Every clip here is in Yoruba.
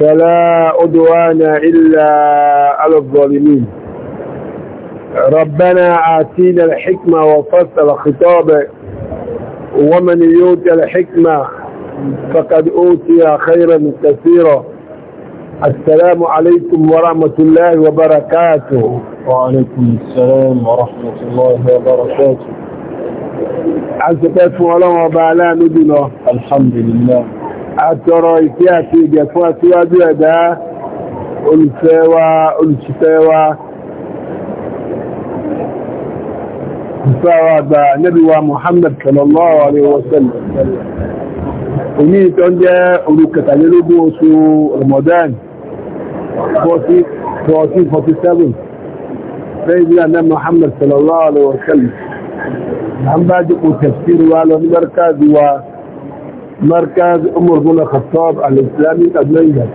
فلا أدوان إلا على الظالمين ربنا آتينا الحكمة وفصل خطابه ومن يؤتي الحكمة فقد أوتي خيرا كثيرا السلام عليكم ورحمة الله وبركاته وعليكم السلام ورحمة الله وبركاته عزتكم مولانا وبعلا نبنا الحمد لله àtọrọ ìfẹ́ àti ìgẹ̀ fún aṣíwájú ẹ̀dá olùfẹ́ wa olùṣìfẹ́ wa ìfẹ́wà àgbà Ànábì wa Muhammad sallallahu alaihi wasallam òní tó ń jẹ́ òru kẹtàlélógún oṣù Ramadan 1447 lẹ́yìn bí Ànábì Muhammad sallallahu alaihi wasallam wa lọ ní wa مركز عمر بن الخطاب الإسلامي تبليغا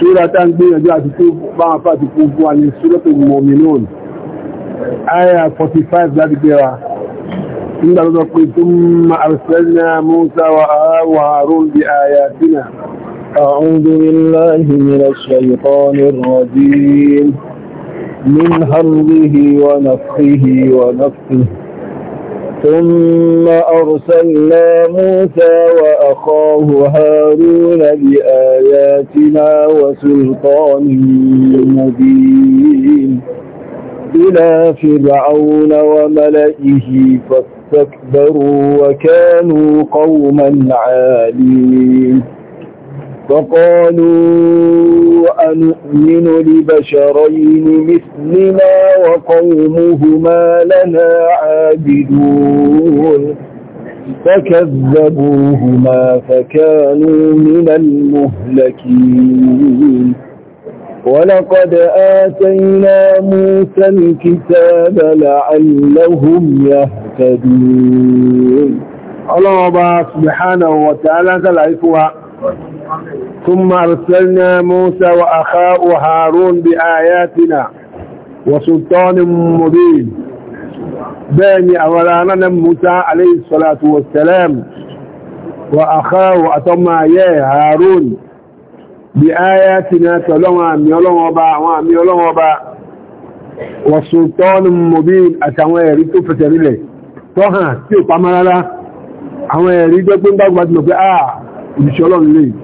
سورة تنبيه جاء تشوف مع فاتكم عن سورة المؤمنون آية 45 ذات كيرا إن رزقي ثم أرسلنا موسى وهارون بآياتنا أعوذ بالله من الشيطان الرجيم من همزه ونفخه ونفخه ثم أرسلنا موسى وأخاه هارون بآياتنا وسلطان مبين إلى فرعون وملئه فاستكبروا وكانوا قوما عالين فقالوا أنؤمن لبشرين مثلنا وقومهما لنا عابدون فكذبوهما فكانوا من المهلكين ولقد آتينا موسى الكتاب لعلهم يهتدون الله سبحانه وتعالى سلعفها ثم أرسلنا موسى وأخاء هارون بآياتنا وسلطان مبين بين أولانا موسى عليه الصلاة والسلام وأخاه أتما يا هارون بآياتنا كلما ميولون وبا وميولون وبا وسلطان مبين أتما يريد فتريله طه سيطة ملالا أما يريد أن تكون بقى بقى بقى بقى بقى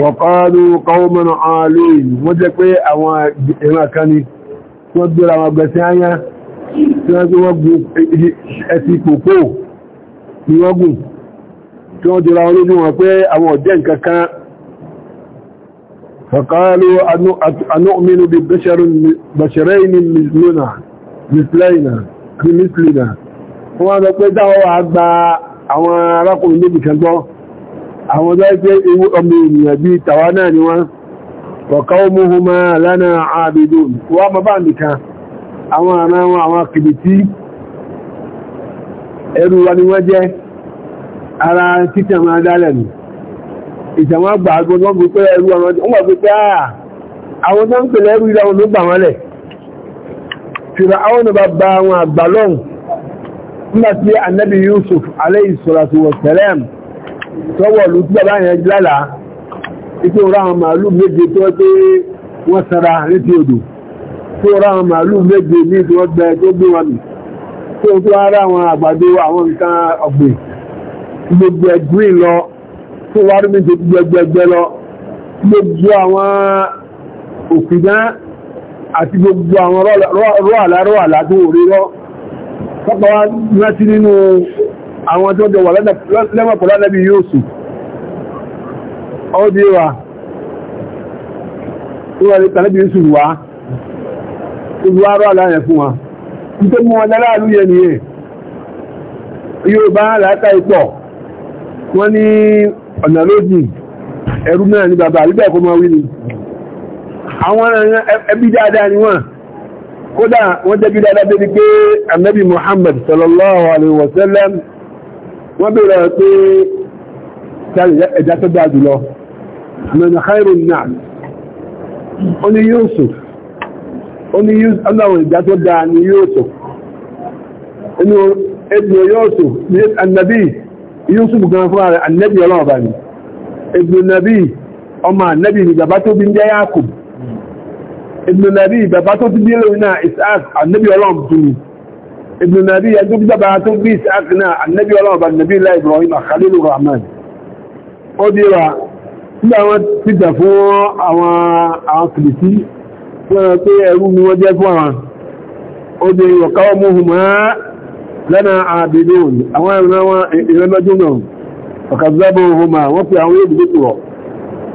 wọ̀kọ́lù kọwọ́mọ́nà ààlùn wọ́n jẹ́ pé àwọn ìran kan ni wọ́n gbéra wọn gbẹ̀sẹ̀ ayá tí wọ́n gbé wọ́n gùn ẹ̀sì pòpò ní wọ́n gùn tí wọ́n jẹ́ra wọn lójú wọn pé àwọn ọ̀jẹ́ nǹkankan wọ́n lọ pé dáwọ́ àgbà àwọn arákùnrin níbi kan àwọn ọjọ́ pé ewu ọmọ ènìyàn bí tàwa náà ni wọ́n ọ̀ká omuhuma lánà àbìdò wà bàbá nìkan àwọn ará wọn àwọn kìbìtì ẹrù wa ni wọ́n jẹ́ ara títà máa dálẹ̀ nù ìjàmọ́ àgbà agbọ́gbọ́n bí pé ẹrù tọ́wọ́ ìlú tí bàbá yẹn lálà ipé ó ráwọn màálù méje tó pé wọ́n sanra létí odò tó ráwọn màálù méje ní tí wọ́n gbẹ tó gbé wọn mì tó tó ara àwọn àgbàdo àwọn nǹkan ọ̀gbìn gbogbo ẹ̀gbìn lọ tó wá rí méje gbẹgbẹgbẹ lọ gbogbo àwọn òkìdán àti gbogbo àwọn rọ́àlá rọ́àlá tó rí rọ́ tọ́pọ̀ wá rántí nínú àwọn tó jọ wà lẹ́mọ̀pọ̀ lánàbí yóò sùn ọdí wa ìwọ̀n ní tàbí sùn wá ìlúwárọ̀ aláyẹ̀ fún wa títẹ́ mú wọn lára àlúyẹ nìyẹ Yorùbá aláta ipọ̀ wọ́n ní ọ̀nà lójì ẹ̀rú náà ní bàbá àrígbà ẹ̀kọ́ máa wí ni àwọn ẹbí dáadáa ni wọ́n kódà wọ́n jẹ́bí dáadáa débi pé Ànábì Muhammad sallallahu alaihi wasallam wọ́n bèèrè pé ẹ̀dá tó dáa jùlọ mẹ́nà khairun náà ó ní Yusuf ó ní ọlọ́run ìdá tó dáa ní Yusuf inú ẹgbẹ̀ Yusuf ní annabi Yusuf gan fún ààrẹ annabi ọlọ́ọ̀bá ni ẹgbẹ̀ nabi ọmọ annabi ni bàbá tó bí ń jẹ́ Yakub ẹgbẹ̀ nabi bàbá tó ti bí lórí náà Isaac ابن نبي يجب دبعته بيس أقنع النبي ولو النبي الله إبراهيم خليل الرحمن قدر láwọn títà fún àwọn kìrìsí wọ́n pé ẹ̀rù ni wọ́n jẹ́ fún àwọn odè ìwọ̀káwọ́ mọ́hùnmá lẹ́nà àbìdòn àwọn ìrẹ́lọ́jú náà ọ̀kàzábọ̀ ohùnmá wọ́n pè àwọn olóògbé pùrọ̀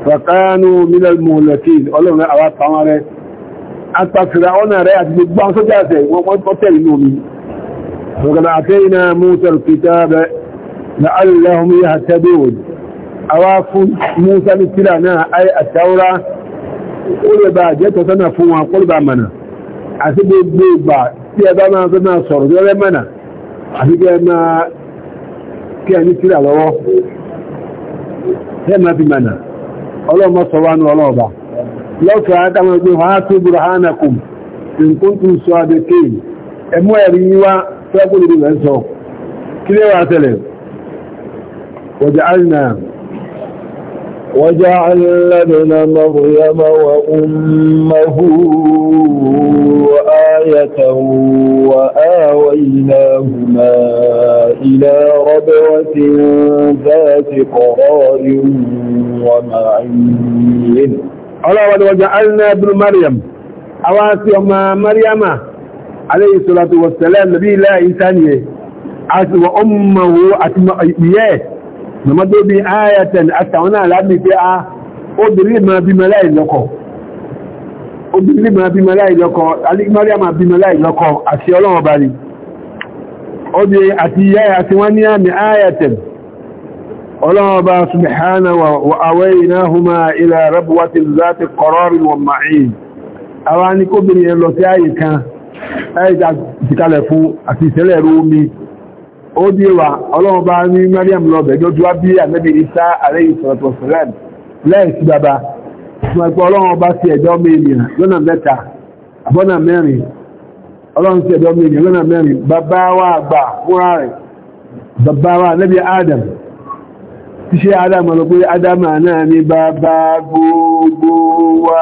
fàkánù mílẹ̀ mọ̀lẹ̀kì وقد أعطينا موسى الكتاب لعلهم يهتدون أواف موسى مثلنا أي التوراة قل با جت سنفوا قل با منا أسيب البيبا تيبا ما سنا صور جل منا أسيب ما كان مثل الله هما بمنا الله صوان ولا لو كانت أمر بها إن كنتم صادقين ẹmú ẹ̀rí wá tẹ́kù lórí rẹ̀ sọ kí lè wà tẹ́lẹ̀ waj'alna waj'alna ibna Maryama wa ummahu آية وآويناهما إلى ربوة ذات قرار ومعين ألا وجعلنا ابن مريم أواسي أم مريم عليه الصلاة والسلام نبي لا إنسانية عسل وأمه أتمئيات نمدو بآية أتعونا لأبني فيها أدري ما بملاي لكم obìnrin ma bí mẹ́láì lọ́kọ alígbáríà ma bí mẹ́láì lọ́kọ àti ọlọ́run ọba rí ọdí àti yáyà tí wọ́n ní àmì ayatẹ̀ ọlọ́run ọba kóbìnrin lọ sí àyíká ẹja jìkalẹ̀ fún àti ìṣẹ́lẹ̀ ẹ̀rọ omi ó dí wa ọlọ́run bá ní Mariam lọ́bẹ̀ lójú wá bí ànábì Isa alayhi salatu wassalam lẹ́ẹ̀sí bàbá ṣùgbọ́n ẹ̀pọ̀ ọlọ́run bá sí ẹ̀dọ́ ọmọ ènìyàn lọ́nà mẹ́ta àbọ́nà mẹ́rin ọlọ́run sí ẹ̀dọ́ ọmọ ènìyàn lọ́nà mẹ́rin bàbá wa àgbà fúnra rẹ̀ bàbá wa ànábì Adam ti ṣe Adam ọlọ́pẹ́ Adam náà ní bàbá gbogbo wa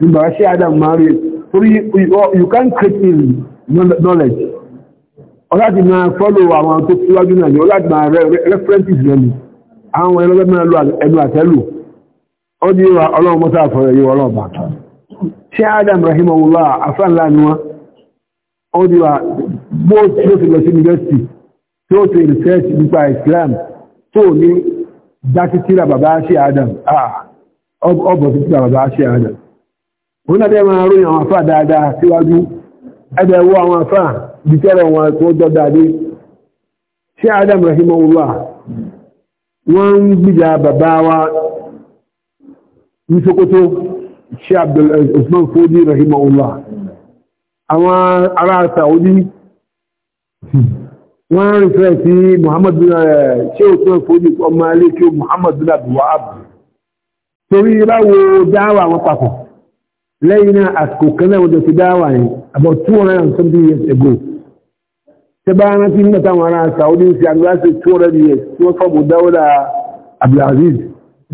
ba shi adam ma mari you oh, can create in knowledge ọláti máa follow àwọn tó síwájú náà ni ọláti máa references lẹ́nu àwọn ẹlọ́gbẹ́ máa lo ẹnu àtẹ́lù ó dí wa ọlọ́run mọ́sá àfọ̀rẹ̀ yíò ọlọ́ọ̀bà ṣe adam rahimahullah afẹ́lá ni wọ́n ó dí wa bó tí ó ti lọ sí university tí ó ti research nípa islam tó ní dátítírà bàbá ṣe adam ah, ọbọ̀ títírà bàbá ṣe adam wọ́n dẹ́ máa ròyìn àwọn àfáà dáadáa síwájú ẹgbẹ̀ wọ́ àwọn àfáà dìtẹ́rọ wọn tó dọ́dáadé ṣe adam rahimahullah wọ́n ń gbìjà bàbá wa ní Sókótó ṣe eh, Usman Fódí rahimahullah àwọn ará Saudi wọ́n ń rìfẹ́ sí Muhammad eh, ṣe Usman lẹ́yìn náà àsìkò kanáà wọ́n ti dáwà ní about something years ago tẹ bá rántí nígbà táwọn ará Saudi ń fi agbáṣe 200 years tí wọ́n fọ́bù dáwọ́dà Abdulaziz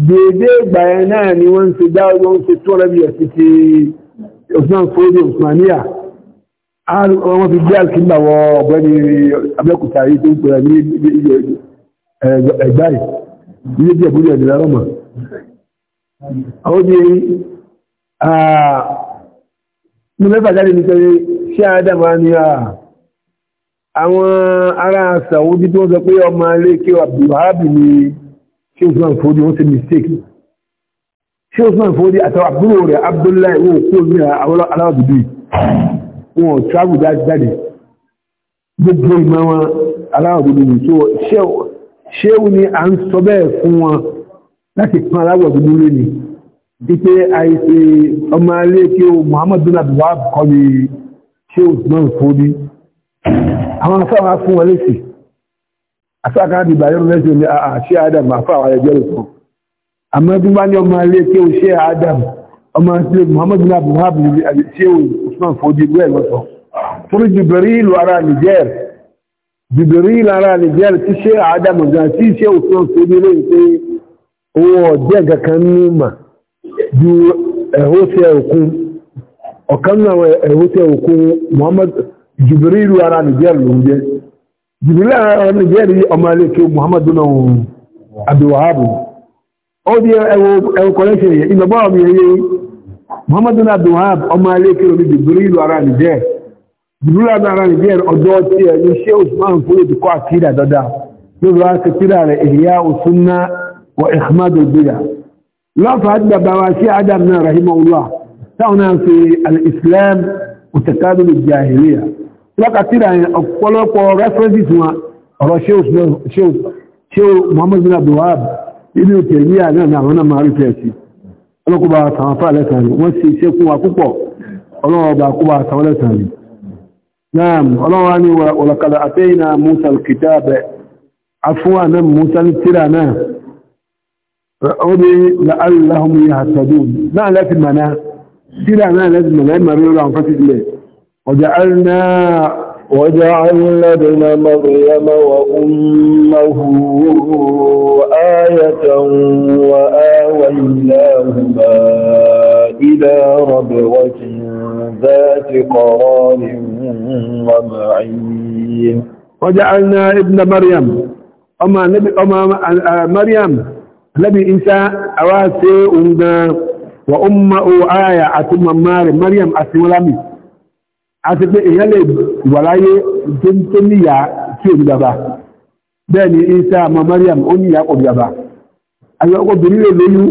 dédé ìgbà yẹn náà ni wọ́n ti dáwọ́dà wọ́n ti 200 years ti Osman Fodio Osmania wọ́n fi gbé àkíńbà wọ ọ̀gbẹ́ni Abẹ́òkúta yìí tó ń pè ní ẹgbáyìí ilé bí ẹ̀bùrú ẹ̀dẹ̀ lọ́mọ àwọn obìnrin ní mẹ́fà jáde ní pẹ̀lú ṣé àádámà ní àwọn ará Saudi tó ń sọ pé ọmọ alé kí Abdulwahab ni ṣe Usman Fodi wọ́n ṣe mistake ṣe Usman Fodi àtàwọn àbúrò rẹ̀ Abdullahi wọ́n kó ní àwọn aláwọ̀ dúdú wọn travel jáde gbogbo ìmọ̀ wọn aláwọ̀ dúdú ní tó ṣéwù ni à ń sọ bẹ́ẹ̀ fún dípé àìsí ọmọ alé kí o Muhammad bin abdullahi kọ́ ni ṣe òtúnmọ̀ ìfòdí àwọn afẹ́wà fún wọn lèsì afẹ́kà dìbà yóò lẹ́sì ní àṣẹ adam afẹ́wà ẹgbẹ́ òtún àmọ́ bí wá ní ọmọ alé kí o ṣe adam ọmọ alé Muhammad bin abdullahi ṣe òtúnmọ̀ ìfòdí ìlú ẹ̀ lọ́sọ̀ fún Jibril ara Niger Jibril ara Niger ti ṣe adam gan ti ṣe òtúnmọ̀ ìfòdí lẹ́yìn pé owó ọ̀jẹ́ kankan ní mà ju ẹ̀hóṣẹ́ òkun ọ̀kan náà ẹ̀hóṣẹ́ òkun Muhammad Jibril ara Niger ló ń Jibril ara Niger yìí ọmọ alẹ́kẹ́ Muhammad náà Wahab ó di ẹ̀wọ̀ collection yẹn ìgbàgbọ́ ọmọ yẹn yẹn Muhammad Wahab ọmọ alẹ́kẹ́ omi Jibril ara Jibril ara ọjọ́ Usman fúlẹ̀ ti kọ́ rẹ̀ wa lọ́fàá bàbá wa sí adam náà rahimahullah táwọn náà fi al-islam òtẹ̀kádù lè jahiliya lọ́kàtíra ọ̀pọ̀lọpọ̀ references wọn ọ̀rọ̀ ṣe muhammad bin abdullahab ibi òkè ní àgbà àwọn náà máa rí fẹ́ẹ̀sì ọlọ́kùnbà àtàwọn fà lẹ́sàrí wọ́n sì ṣe kún wa púpọ̀ ọlọ́ọ̀bà kúbà àtàwọn lẹ́sàrí náà ọlọ́wà ní wọ̀lọ̀kàlà àtẹ́yìnà musa kìtàbẹ̀ afúnwà náà musa tíra náà فأولي لعلهم يهتدون ما لك منا سلا ما لازم منا ما بيقول عن فتح الله وجعلنا وجعلنا ابن مريم وأمه آية وآويناهما إلى ربوة ذات قرار ومعين وجعلنا ابن مريم أما, نبي أما مريم nabi isa awa se unga wa umma o aya àti mamari maryam àti walami àti pé eyan le walaye tó níyà tí ó ní bàbá bẹ́ẹ̀ ni isa ma maryam ó níyà kò bàbá ayo ko biri le lóyún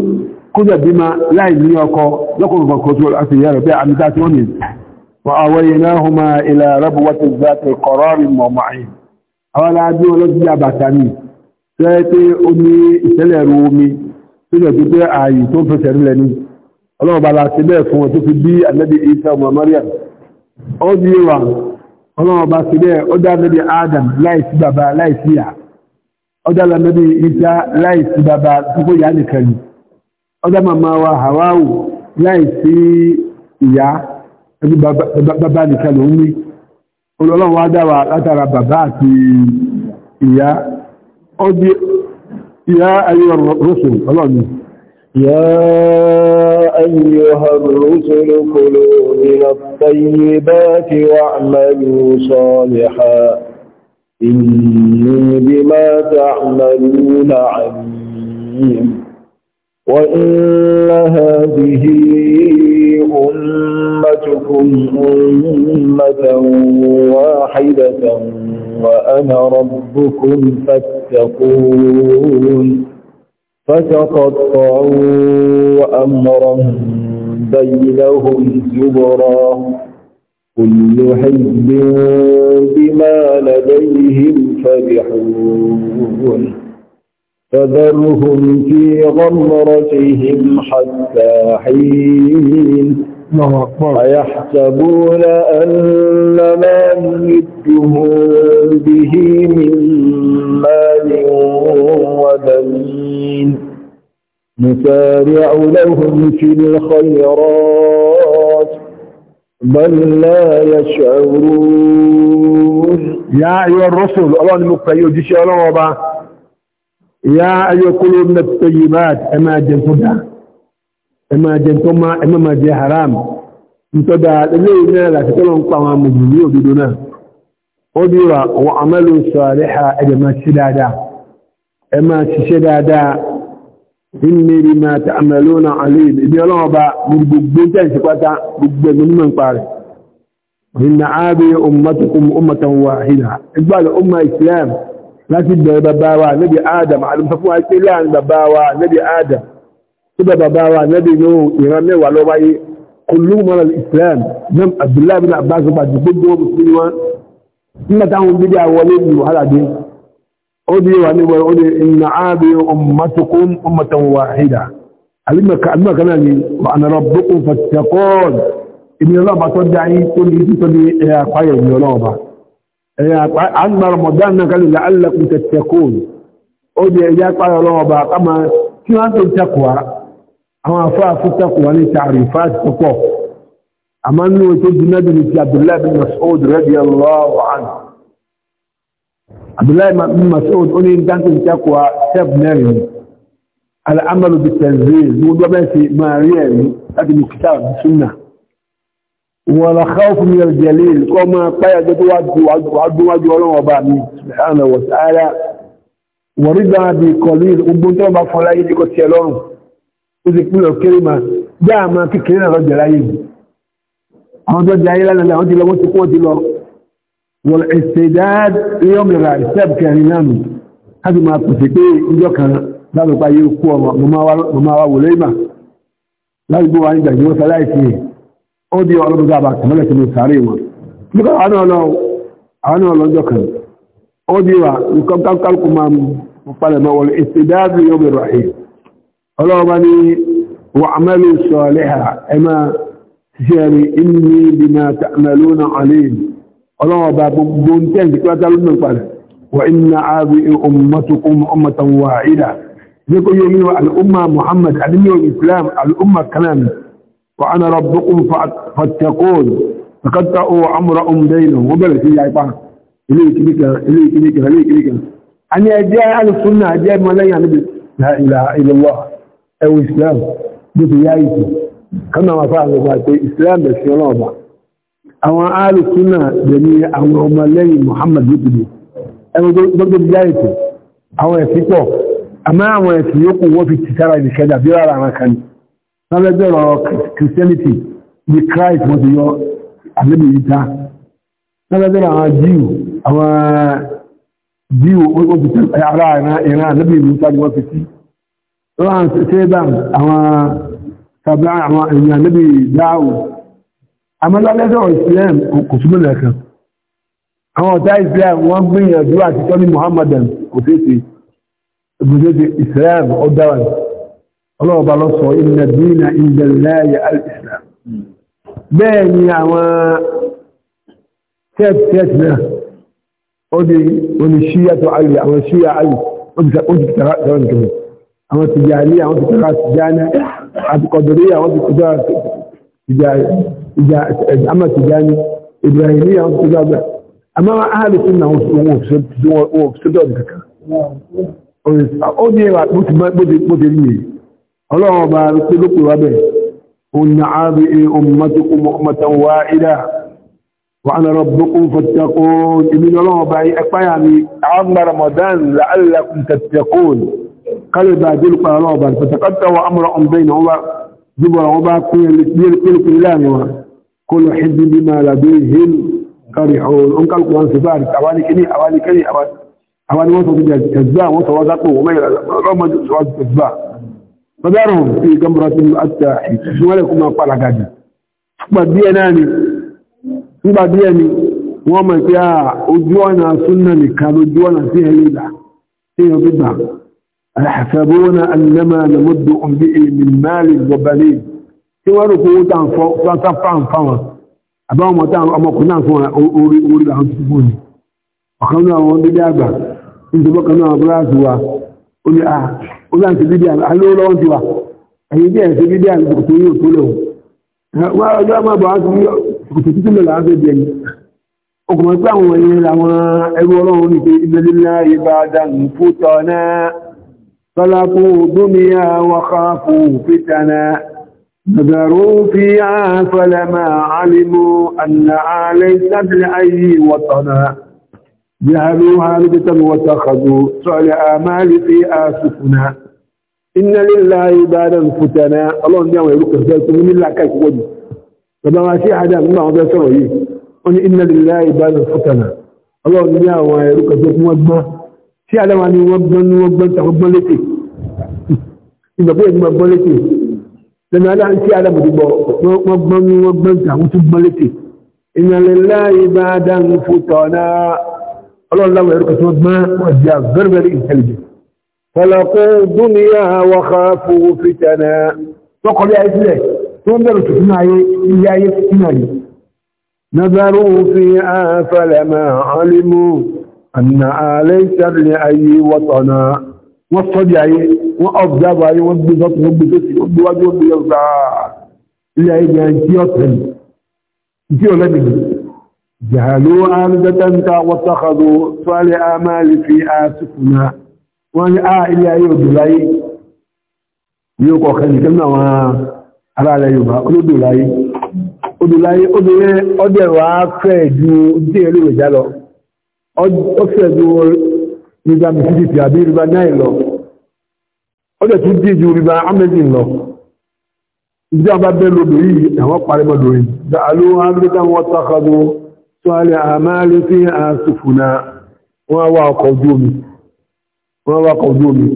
ko ja bímọ láì ní ọkọ lokun ko ko tó wọ́n ní wa awaynahuma tẹ́lẹ̀ ó ní omi tó ọzọ pé ààyè tó fẹsẹ̀ rí lẹ́nu ọlọ́run bá láti bẹ́ẹ̀ fún wọn tó fi bí ànábì isa ọmọ ó di wà ti bẹ́ẹ̀ ó dá Adam láìsí bàbá láìsí yà ó dá isa láìsí bàbá yà nìkan ni ó dá màmá wa láìsí ìyá bàbá nìkan ló ń أدي يا أيها الرسل الله يا أيها الرسل كلوا من الطيبات واعملوا صالحا إني بما تعملون عليم وإن هذه أمتكم أمة واحدة وأنا ربكم فاتقون فتقطعوا أمرا بينهم زبرا كل حزب بما لديهم فرحون فذرهم في غمرتهم حتى حين أيحسبون أن ما نمدهم به من مال وبنين نسارع لهم في الخيرات بل لا يشعرون يا أيها الرسل الله المكفي يجيش الله يا أيها قلوبنا الطيبات أما جنفنا ẹmà jẹ tó má ẹmà má jẹ haram ntọ́dà lẹ́yìn náà láti tọ́lọ̀ ń pa àwọn amòjì ní òdodo náà ó bí wa àwọn amẹ́lò sọ̀rẹ́ ha ẹ̀jẹ̀ máa ṣiṣẹ́ dáadáa ẹ máa ṣiṣẹ́ dáadáa nínú eré máa ta amẹ́lò náà àlẹ́ ìbí ọlọ́wọ́ bá gbogbo tẹ̀sí pátá gbogbo ẹgbẹ́ nímọ̀ ń parẹ́ ìnà ábí ummatukum ummatan wahida ìgbàlẹ̀ ọmọ islam láti bẹ̀rẹ̀ bàbá wa nabi adam àlùfẹ́ fún wa pé láàrin bàbá wa nabi adam كده بابا نبي نو إيران مي ولو باي كلهم على الإسلام نم عبد الله بن عباس بعد كل مسلمان ثم تعاون بدي أولين من هذا دين أودي وأني وأودي إن عابي أمتكم أمة واحدة ألما كأنما كان وأنا ربكم فاتقون إن الله بتدعي كل تدعي يا قاية من الله عن رمضان قال لعلكم تتقون أودي يا قاية الله بقى كما كنت تقوى àwọn afáà tó tẹ́kù wọn ní tààrífà tó pọ̀ àmọ́ ní o tó jiná bí ti abdullahi bin masoud radiyallahu anhu abdullahi bin masoud ó ní dáńtò tẹ́kù wa tẹ́b mẹ́rin al'amalu bi tanzil ní ọjọ́ bẹ́ẹ̀ sí máa rí ẹ̀rí láti mú kìtà bí súnà wala khawf min al kọ́ máa páyà jẹ́ tó wájú ọlọ́wọ́ bá mi subhanahu wa wọ̀rígbà bí kọlíl ogun tó bá fọlá yìí kò tiẹ̀ lọ́rùn ó ti pínlẹ̀ kéré ma já àmà kékeré náà lọ́jọ́ láyé yìí àwọn tó jẹ́ ayé lánàá àwọn ti lọ wọ́n ti kún ti lọ wọ́n ìṣẹ̀dáàd yọmìnira ìṣẹ́bù kẹrin náà nù láti máa pèsè pé ìjọ kan lálùpá yìí kú ọmọ màmá wa wò lẹ́yìn mà ládùúgbò wa nígbà ìjọba sáré àìsí yìí ó di ọlọ́dún dábàá kàmọ́lẹ̀ sínú sáré واعملوا صالحا اما جاري اني بما تعملون عليم الله باب بنتين قتل من قال وان هذه امتكم امه واحده يقول يمين الامه محمد علم الاسلام الامه كلام وانا ربكم فاتقون فقد تأوا ام بينهم وبل في فاهم إليك بك إليك بك إليك بك أني يجاء أهل السنة أجاب ما لا لا إله إلا الله أو إسلام bó ti yá ìtì kánà wà fáà lọ́gbà pé islam bẹ̀ sí ọlọ́ọ̀bà àwọn alùsúnà bẹ̀ ní àwọn ọmọ lẹ́yìn muhammad lókùdì ẹgbẹ́ gbogbo yá ìtì àwọn ẹ̀sìn pọ̀ àmọ́ àwọn ẹ̀sìn yókù wọ́n fi ti sára ìdíkẹ́jà bí rárá àwọn kan lábẹ́gbẹ̀rọ christianity ní christ tàbí àwọn èèyàn níbi ìdáhùn amọ́lọ́lẹ́sọ̀rọ̀ Islam kò túnmọ̀ lẹ́kan àwọn ọ̀tá Islam wọ́n gbìyànjú àti tọ́ni Muhammadan kò tètè ìbùdókè Islam ó dáwà ọlọ́ọ̀bá lọ sọ inna dina inda Allahi al-Islam bẹ́ẹ̀ ni àwọn tẹ́ẹ̀tẹ́ẹ̀tì náà ó di oníṣíyà tó ayé àwọn ṣíyà ayé ó ti tẹ̀rọ àwọn tìjàní àwọn tìjàní àti kọ̀dọ̀ríyà wọ́n ti kọjá ìjà àmà Tijani Ibrahimiyya wọ́n ti kọjá ọgbà àmà áhàlì sí náà wọ́n òṣèdọ̀ kankan ó ní ẹwà bó ti rí yìí ọlọ́run ọba pé ló pè wá wa ana ọba Ramadan قلب أدل قرابا فتقطع أمرهم بينهما جبر وما كل كلامهما كل حد بما لديهم كرحون أنك القرآن سفارك أواني كني أواني كني أواني أواني وصف جزاء وصف وزقوا وما رمج وصف جزاء فدارهم في قمرة التاحي ولكم ما قال قادي بديناني بديني وما فيها أجوانا سنة كان أجوانا فيها ليلة فيها بدها يحسبون أنما نمدهم به من مال وبنين tiwọn rò pé owó tá à ń fọ tá à ń fa wọn àbáwọn ọmọ tá ọmọkùnrin náà fún wọn orí orí àwọn tó fún ni ọ̀kan náà wọn dédé àgbà nítorí kan náà búrá sí wa ó ní àá ó náà ti bídí àná alówó lọ́wọ́ ti wa ẹ̀yin bí ẹ̀ ti bídí àná kòtò yóò tó lẹ̀ wọ́n wọ́n ọjọ́ àmọ́ àbọ̀ wọn ti kòtò títí lọ́la á fẹ́ bí ẹni ọkùnrin pé àwọn ẹ̀yìn طلبوا دنيا وخافوا فتنا نظروا فيها فلما علموا أن ليست لأي وطنا جهلوها لبتا وتخذوا سعل آمال فيها سفنا إن لله عبادا فتنا الله نعم يقول كذلك من الله كيف وجه فما شيء حدا ما هو ذا سوى إن لله عبادا فتنا الله نعم يقول كذلك من الله tí alẹ́wà ni wọ́n gbọ́n ní wọ́n gbọ́n tàwọn gbọ́n létè ìgbàgbé ìgbà gbọ́n létè lẹ́nu alá tí alẹ́mọ̀dé gbọ́ wọ́n gbọ́n ní wọ́n gbọ́n tàwọn tún gbọ́n létè ìnàlélá ìbá dáhùn fòtọ̀ náà ọlọ́run láwọn ẹ̀rọ kẹsàn gbọ́n wọ́n di very very intelligent. fọlọ́kọ́ dúnìyà wọ́n kà fún fìtẹ̀nà tọkọlé ayé sílẹ̀ tó ń bẹ̀rù tuntun ayé ilé ayé tuntun fi àfẹlẹ̀mọ̀ ọ́límù àmìnà ààlẹ́ ìṣẹ́rìnlẹ̀ ayé wọ́tọ̀nà wọ́n sọ́dí ayé wọ́n ọ̀gbẹ́bà ayé wọ́n gbé sọ́tún wọ́n gbé sọ́tún wọ́n gbé wájú wọ́n gbé ọ̀gbà ilé ayé gan jí ọ̀tẹ̀ jí ọ̀lẹ́bìnrin jàlú àrùdẹ́tẹ́ntà wọ́tọ̀kọ̀dù sọ́lẹ̀ àmàlì fẹ́ ju dé ẹlẹ́wẹ̀já lọ ó fẹ́ ju river mississippi àbí river nile lọ ó dẹ̀ tún dí ju river amazon lọ ìjọ bá bẹ́ lódò yìí àwọn parimọ̀ lórí dàálù áfíríkà wọ́n tàkàdù tó alẹ́ àmàlé sí àsùfùnà wọ́n wá ọkọ̀ ojú omi wọ́n wá ọkọ̀ ojú omi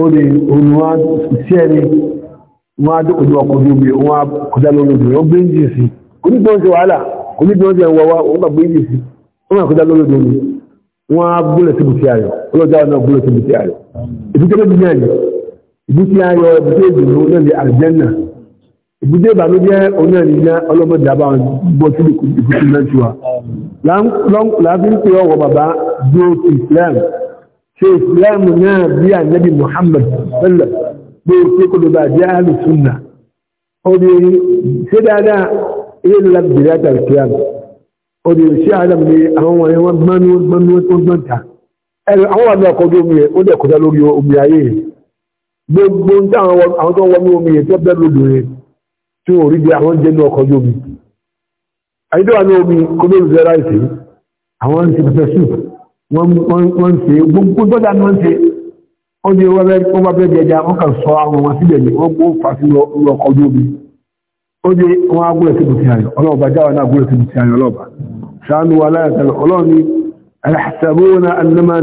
ó rí olùwà sí ẹni wọ́n á dókòjú ọkọ̀ ojú omi wọ́n á kọjá lórí omi ó gbé ń jì sí kò ní wàhálà kò ní gbọ́n ṣe wọ́wọ́ gbà gbé ń jì sí wọ́n àkójá lórí odò ni wọ́n á gúnlẹ̀ sí ibùsí ayọ̀ ọlọ́jà náà gúnlẹ̀ sí ibùsí ayọ̀ ìbúté méjì náà ni ibùsí ayọ̀ ibùté ìdùnnú náà ni àlùjànnà ibùté ìbànújẹ́ onáà ni iná ọlọ́mọdé àbáwọn bọ́ sí ibùsí náà ti wa láàfin pé ọwọ́ bàbá dúró sí Islam ṣe Islam náà bí ànábì Muhammad sallallahu pé ṣé kò lè bá jẹ́ àlùsùn náà ó ní ṣé dáadáa ilé ìlú odò sí adam ní àwọn wọn wọn gbọ́nú gbọ́nú tó gbọ́n ta ẹ̀rọ àwọn wà ní ọkọ̀ ojú omi yẹn ó dẹ̀ kọjá lórí omi ayé gbogbo ń tẹ́ àwọn tó wọ́n ní omi yẹn tó bẹ́ẹ̀ lódò yẹn tí wọ́n rí bí àwọn jẹ́ ní ọkọ̀ omi àyídọ́ ní omi kọ́dọ̀ àwọn ti pẹ̀pẹ̀ soup wọ́n ń ṣe gbogbo ni wọ́n ń ṣe wọ́n ní wọ́n bá bẹ́ẹ̀ jẹja wọ́n kàn sọ àwọn wọn síbẹ̀ ní wọ́n kó fà sí ọkọ̀ ó ní wọ́n á gbọ́dọ̀ كانوا ولا يتلقلوني يحسبون أنما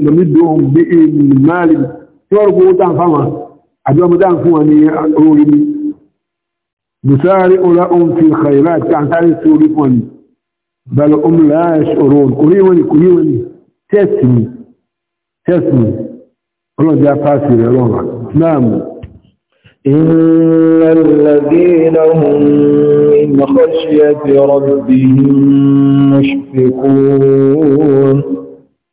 نمدهم بئي من مال يربو تنفما أجوام تنفوني أولي نسارع لهم في الخيرات كان تعالي سوريكوني بل ام لا يشعرون كريوني كريوني تسمي تسمي الله جاء فاسر يا رب نعم إن الذين هم من خشية ربهم مشفقون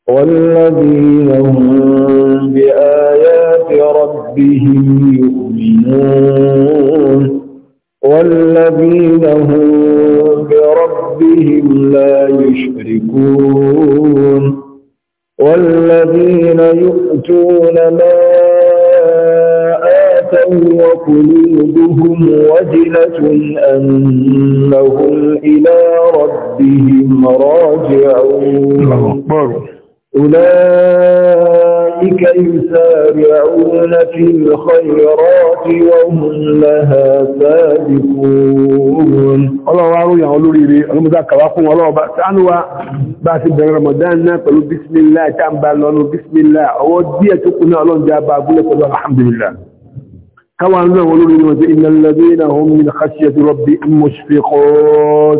والذين هم بآيات ربهم يؤمنون والذين هم بربهم لا يشركون والذين يؤتون ما وقلوبهم وجلة أنهم إلى ربهم راجعون أولئك يسارعون في الخيرات وهم لها سابقون الله وارو يا لي الله مذاك واكم الله بأس سانوا بأس بن رمضان نا بسم الله تعمل بسم الله او قلنا تكون الله جابا الله الحمد لله كما أنه ولولي إن الذين هم من خشية ربي مشفقون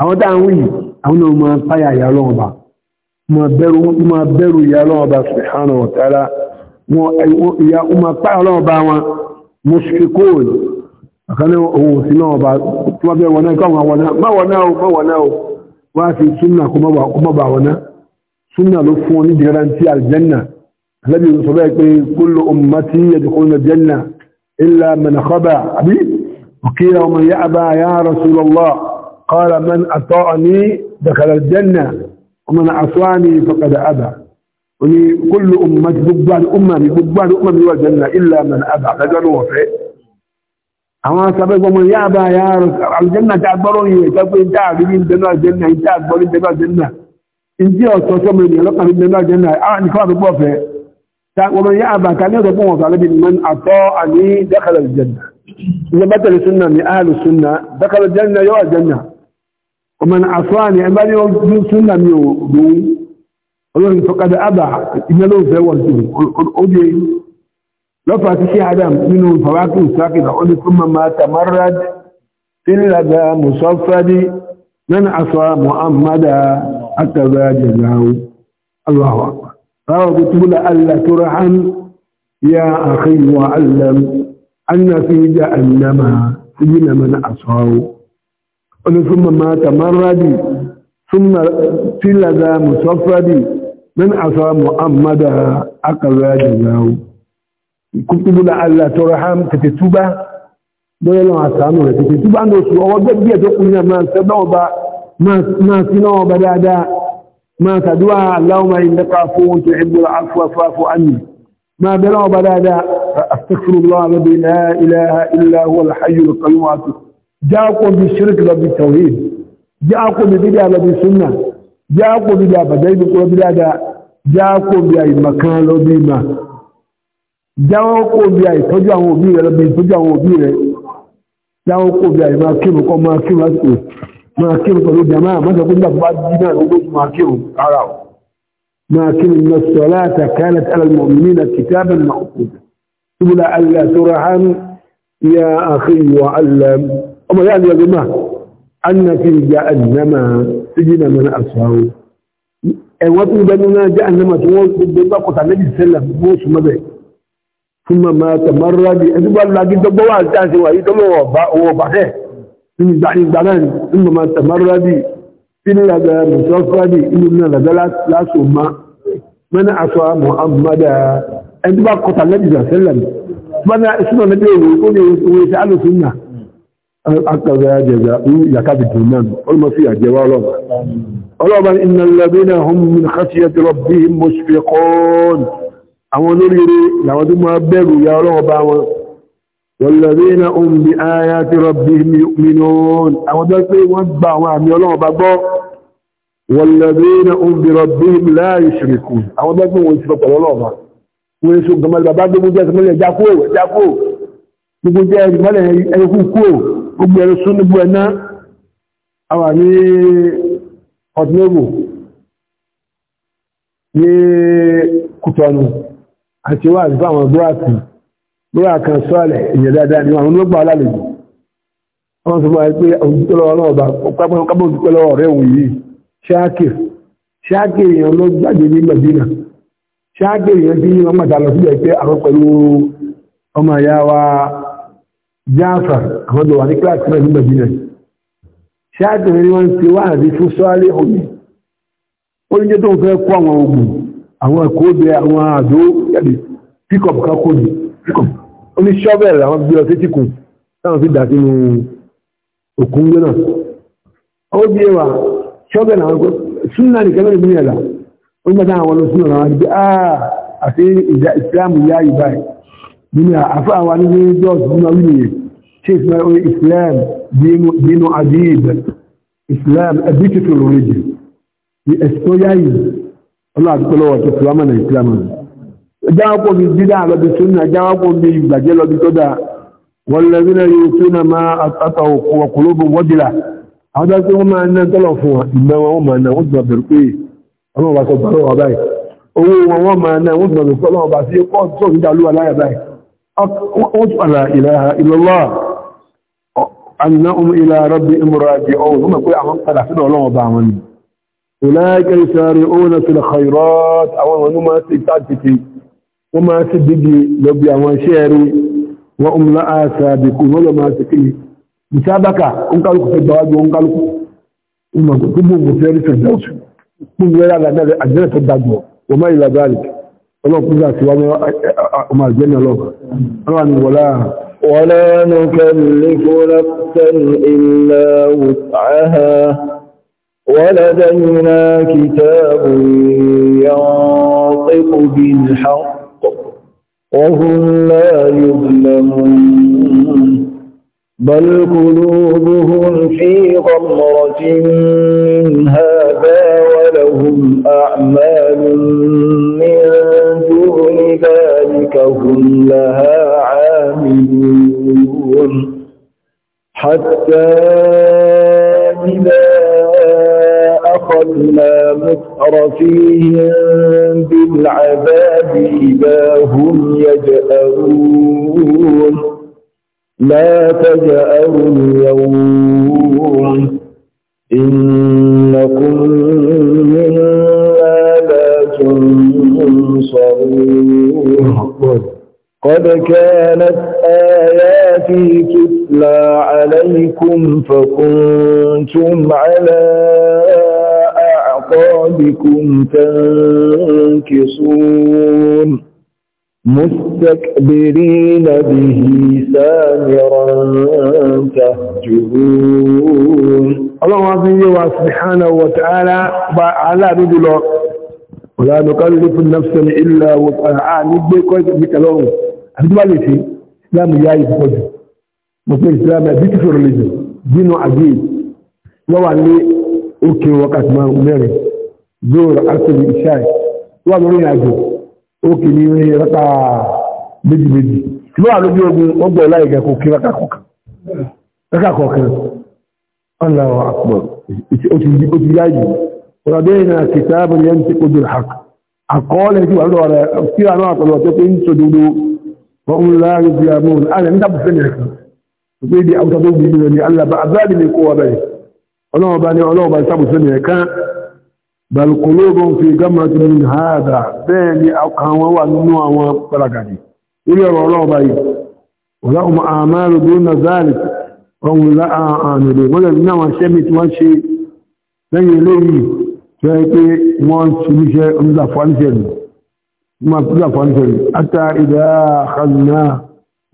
أو دعوي أو ما طيع يا لوبا ما بيرو ما بيرو يا لوبا سبحانه وتعالى يا ما طيع لوبا مشفقون أكان هو سلوبا ما بيرو ونا كما ونا ما ونا ما ونا وفي سنة كما كما با ونا سنة لو فوني جرانتي الجنة الذي يقول كل أمتي يدخلون الجنة إلا من خبى عبيد وقيل ومن يأبى يا رسول الله قال من أطاعني دخل الجنة ومن عصاني فقد أبى كل أمة ببان أمة ببان أمة والجنة إلا من أبى فجل وفي أما سبب ومن يأبى يا رسول الله الجنة تعبروني تقول انت عبدين دنا الجنة انت عبدين دنا الجنة انت أصوص من يلقى من دنوا الجنة أعني آه، فاضي بوفي ومن يأبى كان يضربه وطالب من أطاعني دخل الجنة إذا بطل السنة من أهل السنة دخل الجنة يوى الجنة ومن أصاني أما يوجد سنة من يوم ولن فقد أبى إن له سوى الجنة أدي لو فاتشي عدم منه الفواكه الساقطة أولي ثم ما تمرد إلا ذا مصفد من أصى محمد حتى ذا جزاه الله أكبر فقلت لألا ترحم يا أخي وعلم أن في جهنم سجن من أصهر ثم مات مردي ثم في ذا مصفدي من أصهر محمدا أقل جزاه كنت لألا ترحم تتتوبة bóyá lọ́wọ́ àtàánù rẹ̀ tètè tí bá ń lọ ما سبعه ما tó بدأ máa sàdúwà aláwọ̀má ìlẹ́kọ̀ fún tó ẹgbẹ̀rẹ̀ afọ́fọ́fọ́ àmì máa bẹ̀rẹ̀ ọba dáadáa astagfirullah rabbi la ilaha illa huwa al-hayyul qayyum jáàkó bí shirk rabbi tawhid jáàkó bí bídà rabbi sunna jáàkó bí àbàjẹ́ ibi kúrò bí dáadáa máa kírù pẹ̀lú jama mọ́sàn kúndà bá jíná lógún tí máa kírù ara ọ̀ máa kírù na sọ́láta kánat alalmọ̀mí na kitaban na ọkùnrin túbúlá allah tó ra hánú ya àkíyà allah ọmọ yá àlúwà jama an na fi ja annama sí jína mana asáwò ẹ̀wọ́n tó gbẹ́nu náà jẹ́ annama tó wọ́n gbogbo bá kọta nabi sẹ́lá bó su mẹ́bẹ̀ fún mamata marrabi ẹ̀dúgbà lági dọ́gbọ́wà àti àṣewà yìí tọ́lọ́wọ́ bá owó bá fẹ́ nínú ìgbà náà nínú ma tàmárà bí sínú lábẹ́ mùsọ́fà bí inú náà lábẹ́ láṣò má mẹ́nà aṣọ àmọ́ àmúmádà ẹni tó bá kọta lẹ́bìdà sẹ́lẹ̀ mẹ́nà ìṣúná lẹ́bí òwe ó lè owó iṣẹ́ alùsùn náà akọ̀wé àjẹ̀dà ń yàká bìtì náà ọlọ́mọ sí àjẹwà ọlọ́mọ ọlọ́mọ iná náà والذين هم بآيات ربهم يؤمنون أو ذلك وضع وعمي الله بابا والذين هم بربهم لا يشركون أو ذلك ويشرك الله بابا ويشرك جمال بابا بمجاز ملي جاكو جاكو بمجاز ملي يكوكو بمجاز سن بوانا أواني قدنبو ni kutanu àti wá àgbà àwọn àgbà àti bóyá kan sọ́ọ̀lẹ̀ èèyàn dáadáa ni àwọn olóògbà alálejò wọ́n sọ máa pé òjútọ́lọ́ ọlọ́ọ̀bá kábọ̀ òjútọ́lọ́ ọ̀rẹ́ òun yìí ṣáàkìr ṣáàkìr èèyàn ló jáde ní Madina ṣáàkìr èèyàn tí wọ́n mọ̀ta lọ síbẹ̀ pé àwọn pẹ̀lú ọmọ ìyá wa jáfà àwọn tó wà ní kíláàsì náà ní Madina ṣáàkìr ni wọ́n ti wá àti fún sọ́ọ̀lẹ̀ òní ó ní jẹ́ tó ń fẹ́ kó àwọn ogun àwọn ẹ̀kọ́ obìnrin àwọn àdó píkọ̀pù kan ní píkọ̀pù ní ṣọ́bẹ̀rẹ̀ làwọn gbé ọ sétí kùn táwọn fi dà sínú òkun gbé náà ó bí wa ṣọ́bẹ̀rẹ̀ làwọn gbé súnà nìkan lórí ìbílẹ̀ là ó ń gbàdá àwọn olóṣùnà làwọn gbé áà ah, àti ìjà ìsìlámù yá ìbá ẹ̀ nínú àfáà wa ní jọ́ọ̀sì nínú orí nìyẹn ṣe ìsìlámù islam dínú adib islam a beautiful religion the estoya yìí ọlọ́ àdúgbò lọ́wọ́ tó fi wá mọ̀ jáwọ́pọ̀ mi dídá lọ́bi súnà jáwọ́pọ̀ mi ìgbàjẹ́ lọ́bi tó dáa wọ́n lẹ́bí náà yóò súnà máa àtàtà ọkùnlógún wọ́dìlà àwọn tó wọ́n máa ná tọ́lọ̀ fún ìgbà wọn máa ná wọ́n ti máa bẹ̀rù pé ọmọ wa sọ bọ̀rọ̀ wa báyìí owó wọn wọ́n máa ná wọ́n ti máa bẹ̀rù pé ọlọ́wọ́ bá sí kọ́ tó ń dalú aláyà báyìí wọ́n ti pàlà ilaha illallah àná ọmọ ilà rabbi imuraji ọ̀hún wọ́n mọ̀ pé àwọn padà sọ́dọ̀ ọlọ́wọ́ bá wọn ni ìlà kẹsàárẹ̀ òun náà sílẹ̀ khairat àwọn wọ́n máa ti dìgì lọ́bí àwọn iṣẹ́ rí wọ́n ń lá àṣà àbìkú wọ́n lọ máa ti kí ìsábàkà oúnkálùkù fẹ́ gbáwájú oúnkálùkù ìmọ̀gbọ̀n tó bù mú fẹ́rí fẹ́ dáwùsù fún ìwé àgbàdàgbà àjẹ́rẹ̀ tó dàgbọ̀ wọ́n máa ìlà báàlì ولدينا كتاب ينطق بالحق وهم لا يظلمون بل قلوبهم في غمرة من هذا ولهم أعمال من دون ذلك هم لها عاملون حتى إذا أخذنا مترفيهم فيهم بالعذاب إذا هم يجأرون لا تجأروا اليوم إنكم منا لا تنصرون قد كانت آياتي تتلى عليكم فكنتم على أعقابكم تنصرون تنكصون مستكبرين به سامرا تهجرون الله عزيز وسبحانه وتعالى على رجله ولا نكلف النفس إلا الا وسعها نبي كويس بكلام اكبالتي إسلام ياي فوج مثل اسلام بيوتيفول ريليجن دينو عجيب لو عليه أوكي وقت ما مري زور اصل الاشاعه wà lórí ìrìnàjò ó kì ní rákà méjì méjì ló wà lójú ogun ó gbọ́ láì gẹ̀ kò kí rákà kọ̀ọ̀kan rákà kọ̀ọ̀kan Allahu akbar ó ti yá yìí ọ̀rọ̀dé ìrìnà kìtàbù yẹn ti kojú hàk àkọọ́lẹ̀ tí wà lọ́wọ́ rẹ̀ tí a náà pẹ̀lú ọ̀tọ́ pé ń sọdúdú wọ́n ń láàrin bí i amóhùn ààrẹ ń tàbí fẹ́ni ẹ̀kan ní kó wa bẹ̀rẹ̀ ọlọ́wọ́ bá ní ọlọ́wọ́ bá ní بل قلوب في جمرة من هذا ثاني أو كانوا ونوع وبركاته إلى الله بأي ولهم أعمال دون ذلك وهم لا أعملون ولم نوى شمت وشي لن يلوي فأيكي وان سمشة أمزا فانسل ما أمزا فانسل حتى إذا أخذنا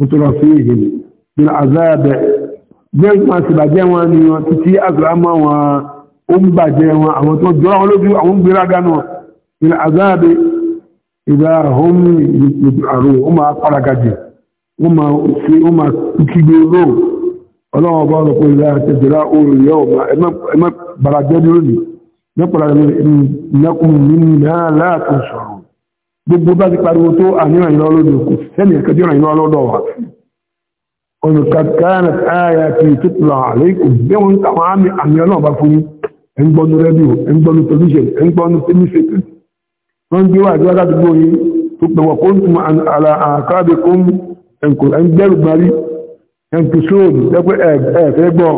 مترفيهم بالعذاب جل ما سبا جواني وتتي أقرأ ما ó ń bàjẹ́ wọn àwọn tó jọra wọn lójú àwọn ń gbéra gánà ilẹ̀ azáàbẹ̀ ìgbà ohun àrùn ó máa paragajì ó máa fi ó máa kígbe róò ọlọ́wọ́ bá ọ̀rọ̀ pé ìlà àtẹ̀jẹ̀rá oòrùn yẹ́ ọ̀ma ẹmẹ́ barajẹ́ lónìí nípa ìlẹ́kùn nínú náà láàtún sọ̀rọ̀ gbogbo bá ti pariwo tó àníyàn ìlọ́ lónìí kò sẹ́ni ẹ̀kẹ́jọ́ ìrànlọ́ lọ́dọ̀ wa ọ̀nà kàkàrà táyà ti tètè àlékún bí wọ́n ń tàwọn àmì ọlọ́ọ̀bá fún yín ẹ̀ ń gbọ́nu rẹ́díò ẹ̀ ń gbọ́nu tẹlifíṣọ̀n ẹ̀ ń gbọ́nu tẹlifíṣọ̀n wọ́n gbé wá àdúrà ládùúgbò yìí tó pẹ̀ wọ̀ kó ń tún àlà àkáàbẹ̀ kó ń ẹ̀ǹkò ẹ̀ ń gbẹ́rù gbárí ẹ̀ǹkì sóòlù jẹ́pẹ́ ẹ̀ẹ̀fẹ́ gbọ́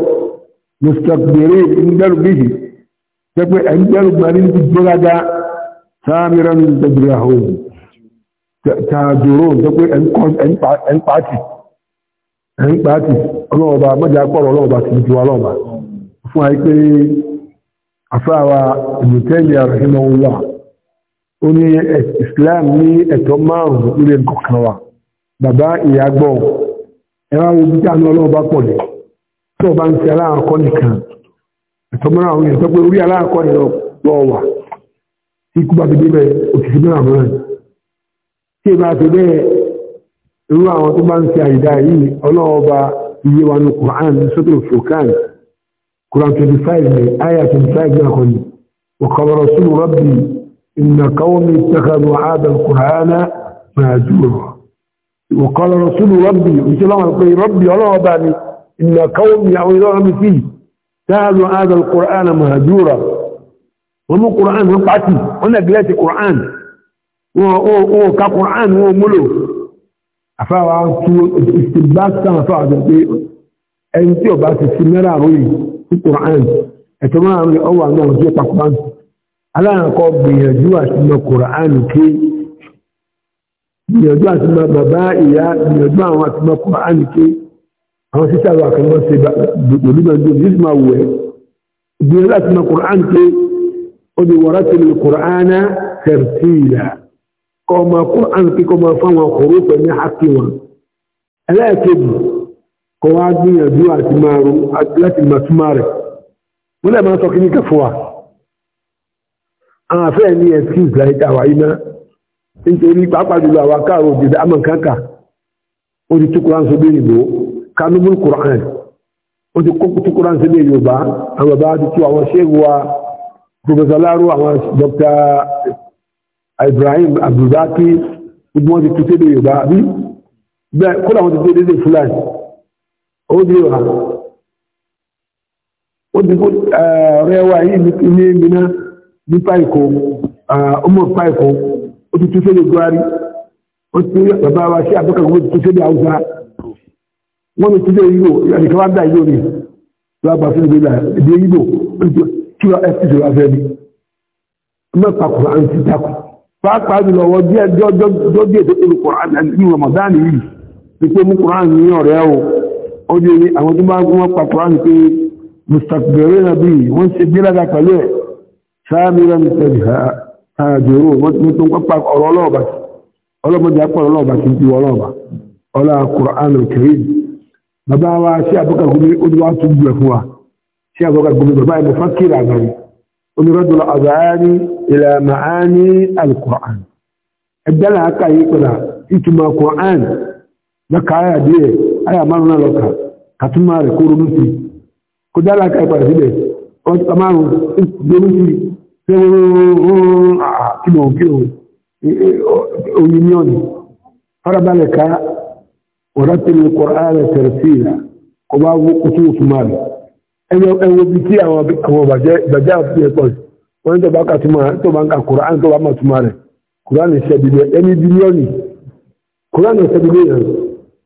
mr gbèrè ń gbẹ́rù bíyì jẹ́pẹ́ ẹ̀ ń gbẹ́rù gbárí ti gbéraga sáàmìrán ní gbẹ̀gbẹ̀rẹ̀ àhóòlù tààjòrò jẹ́pẹ́ ẹ̀ ń pàtì ẹ̀ ń pàtì ọlọ́ọ̀bà mọ́jà pọ̀rọ̀ ọlọ́ọ̀bà ti ju ọlọ́ọ̀bà fún àìpé afọ a ó ní islam ní ẹ̀tọ́ márùn lórí nǹkan wa bàbá ìyá gbọ́ ẹwà wo bí dáná ọlọ́run bá pọ̀ ní tí ọba ń ti aláàkọ́ nìkan ẹ̀tọ́ márùn yẹn tó pé orí aláàkọ́ lọ wà bá fi débẹ̀ tí ìbá bẹ́ẹ̀ irú àwọn tó bá ń yìí ọba iye wa ní ní sọ́tò قرآن 25 ni aya 25 na وقال رسول ربي إن قومي اتخذوا هذا القرآن مهجورا وقال رسول ربي وسلام عليه ربي على بعني إن قومي أو إلهم فيه اتخذوا هذا القرآن مهجورا ومو قرآن هم قاتل هنا قلات القرآن وهو كقرآن هو ملوك أفاوى استباس كما فاوى أنت وباس السنة رأيه ní Quran ẹ̀tọ́ máa rí ọwà náà jẹ́ pàkúrán aláàkọ́ gbìyànjú àti mọ Quran ké gbìyànjú àti mọ bàbá ìyá gbìyànjú àwọn àti mọ Quran ké àwọn sísá wà kan wọ́n ṣe olúgbàndó yìí máa wù ẹ́ gbìyànjú àti mọ Quran ké ó di wọ́rá ti lè Quran tẹ̀rtìlà kọ́ ọmọ Quran ké kọ́ ọmọ fáwọn kòrò pẹ̀lú àkíwọn ẹlẹ́ẹ̀kejì kọ́ wá gbìyànjú àti máa ro láti máa túmọ̀ rẹ̀ wọ́n lè máa sọ kíní kẹfọ́ wa àwọn afẹ́ ní excuse láì tàwa iná nítorí pàápàá jùlọ àwa káàrò òjèdè amọ̀nkánkà ó ti tú kuran sóbé ìlú kanúmú kuran ó ti kókó tú kuran sóbé yorùbá àwọn bàbá ti tú àwọn ṣéèwù wa professor laro àwọn dr ibrahim abdulbaki gbogbo wọn ti tú sóbé yorùbá bí bẹ́ẹ̀ kódà wọn ti tú fúlàní ó di wà ó di rẹwà yìí ní mìíràn ní páìkò ọmọ páìkò ó ti tún sẹ́lẹ̀ gbárí ó ti bàbá wa sí àbúkàgbọ́ ti tún sẹ́lẹ̀ haúsá wọ́n ti tún sẹ́lẹ̀ yíò àdìkà wá dá yíò ni lọ́gbà fún ìgbéga ìdí yíò kí wọ́n ẹ̀ tìṣòro afẹ́ ni mẹ́ta kùrọ̀ àǹtí takù pàápàá jùlọ wọ́n díẹ̀ jọ́jọ́ díẹ̀ tó kùrọ̀ àǹtí Ramadan yìí ti pé mú kùrọ̀ àǹtí ọ̀rẹ́ o ó dé ní àwọn tó bá wọ́n pa Kùránì pé mustakbirin nabi wọ́n ṣe gbéraga pẹ̀lú ẹ̀ sáàmìlá mùsùlùmí àjòrò wọ́n tó ń pápá ọ̀rọ̀ ọlọ́ọ̀bà ọlọ́mọdé apá ọlọ́ọ̀bà tí ń ti ọlọ́ọ̀bà ọlá Kùránì Karim bàbá wa sí àbúkà gómi olúwa tún gbẹ fún wa sí àbúkà gómi bàbá ẹ̀ mọ̀fá kiri àgbàrí onírọ́dùnà àgbáyání ilẹ̀ màání alukùrán ẹgbẹ́ làákà yìí pẹ̀lá ìtumọ̀ Kùrán lọ́kàáyà díẹ̀ àyà márùn-ún náà lọ́kà kàtúmọ̀ rẹ̀ kó ronú sí kó dára ká ìpàdé síbẹ̀ ọ̀tá márùn-ún ronú sí ṣé wọ́n kí ló ń kí òun ní ọ̀nà farabalẹ̀ ká ọ̀rọ̀ tẹ̀lé kọ́ra rẹ̀ tẹ̀rẹ̀ sí ìlà kó bá wó kótó oṣù máa rẹ̀ ẹwọ bí kí àwọn bàjẹ́ àti ẹ̀pọ̀ wọ́n tó bá kàtúmọ̀ tó bá ń ka kùránì tó bá máa túmọ̀ rẹ̀ kùránì ṣẹ́bi lẹ́yìn ẹni bílíọ̀nì kùránì ṣẹ́bi lẹ́yìn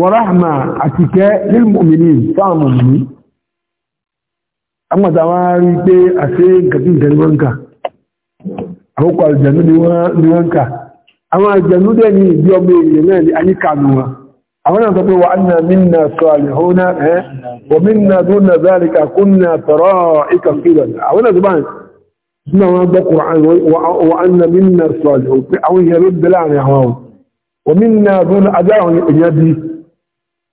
wọ́ráhàmà àtìkẹ́ lílmọ̀mìnì fáàmùmí agbàtà wọ́n rí pé àṣẹ gàtí ìtẹ̀lẹ́wọ́nkà àwọ́kọ̀ àjẹ̀nú ni wọ́n kà àwọn àjẹ̀nú dẹ̀ ní ìbí ọmọ èèyàn náà ní àyíkàmù wọn àwọn náà sọ pé wà ánà mínà sọ̀lẹ̀hóná ẹ́ wà mínà dúnà záríkà kúnnà tọ̀rọ̀ ìkàfíìlọ̀ àwọn náà tó bá sínú àwọn gbọ́kùnrin wà ánà mínà sọ̀lẹ̀hóná àwọn èèyàn ló bẹ̀lẹ̀ àrìn àwọn ومنا دون أداء يدي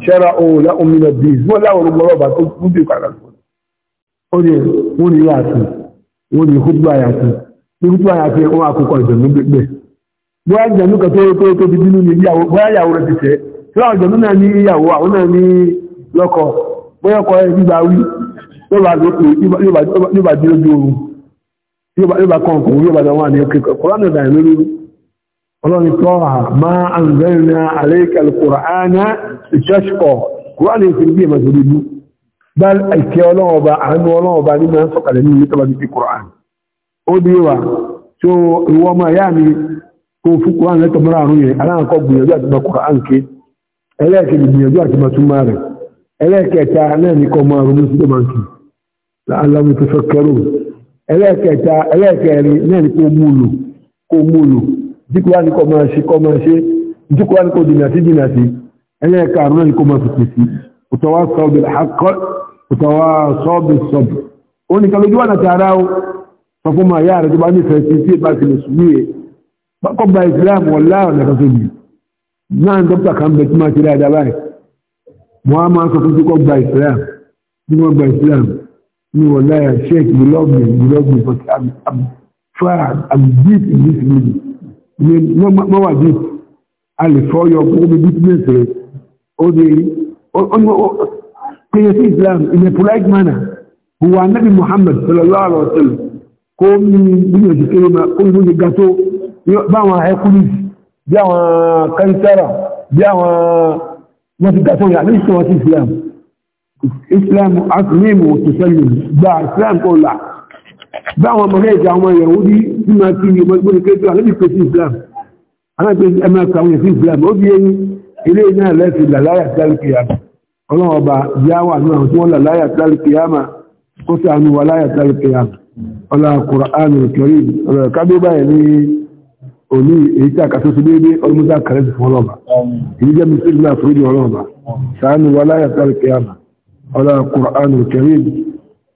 شرعوا لهم من الدين ولا وربما بديك على gbọrọ وني وني ياتي وني خطبة ياتي خطبة ياتي وما أكو قلت من بيه bóyá ìjànú kan tó tó tó bíbí nínú ìyàwó bóyá ìyàwó ti náà ní ìyàwó àwọn náà ní bóyá ẹ̀ gbígbà wí ọlọ́ni tọ́ra máa an zẹ́rìnà àríkà alkùránà ìṣẹ́ṣkọ̀ kúránà ìfìdí ẹmà tó dìbú bá àìkẹ́ ọlọ́ọba àánú ọlọ́ọba ní máa ń sọ̀kàlẹ̀ ní ìtọ́bà ní kùrán ó dé wà tó ìwọ máa yá mi kó fún kùrán lẹ́tọ̀ mọ́ra àrùn yẹn aláǹkọ́ gbìyànjú àti máa kùrán ké ẹlẹ́ẹ̀kejì gbìyànjú àti máa tún máa rẹ̀ jíkúwá ní kọ́ máa ṣe kọ́ máa ṣe jíkúwá ní kò dìnà sí dìnà sí ẹ̀yẹ́ ẹ̀ka àrùn ní kò máa fòkè sí òtọ́wà sọ́ọ̀bì àkọ́ òtọ́wà sọ́ọ̀bì sọ́ọ̀bì ó ní kalójú wà láti ara ó sọ fún máa yá rẹ̀ tó bá nífẹ̀ẹ́ sí sí ìbá tilẹ̀ sùn níye kọ́ gba Islam wọ̀ láàrọ̀ nìkan tó bì náà dókítà kan bẹ tí máa ṣe dáadáa báyìí mo á máa sọ fún sí gba Islam bí wọ́n gba Islam ní wọ̀ láyà sheik you love me you love me but I'm, I'm far I'm deep in this religion mọ́wàdí alìfọ́ yọ gbogbo business rẹ̀ ó di pẹ̀yẹ sí islam in a polite manner huwa nabi muhammad sallallahu alaihi wasallam kó ní bíyàn sí kéré ma kó ní gàtó báwọn hercules bí àwọn kansara bí àwọn wọ́n ti gàtó yà lóṣìṣẹ́ wọ́n sí islam islam asmimu tó sẹ́lẹ̀ gba islam kó là báwọn ọmọ ẹ̀jẹ̀ àwọn ẹ̀yẹ̀wò bí nínú àti ìgbọ́n kéjọ alẹ́bí pé sí Islam alábẹ́ ẹmọ àkàwọn èsì Islam ó bí ẹyin ilé iná ẹ̀lẹ́sì làláyà tálíkìyàmà ọlọ́run ọba yáwà náà tí a làláyà tálíkìyàmà kó sí àánú wa láyà tálíkìyàmà ọlá Kùránì kẹrí ọ̀rọ̀ kádó sí déédéé ọlọ́mọdé àkàrẹ́ sí fún ọlọ́ba èyí jẹ́ mísílì náà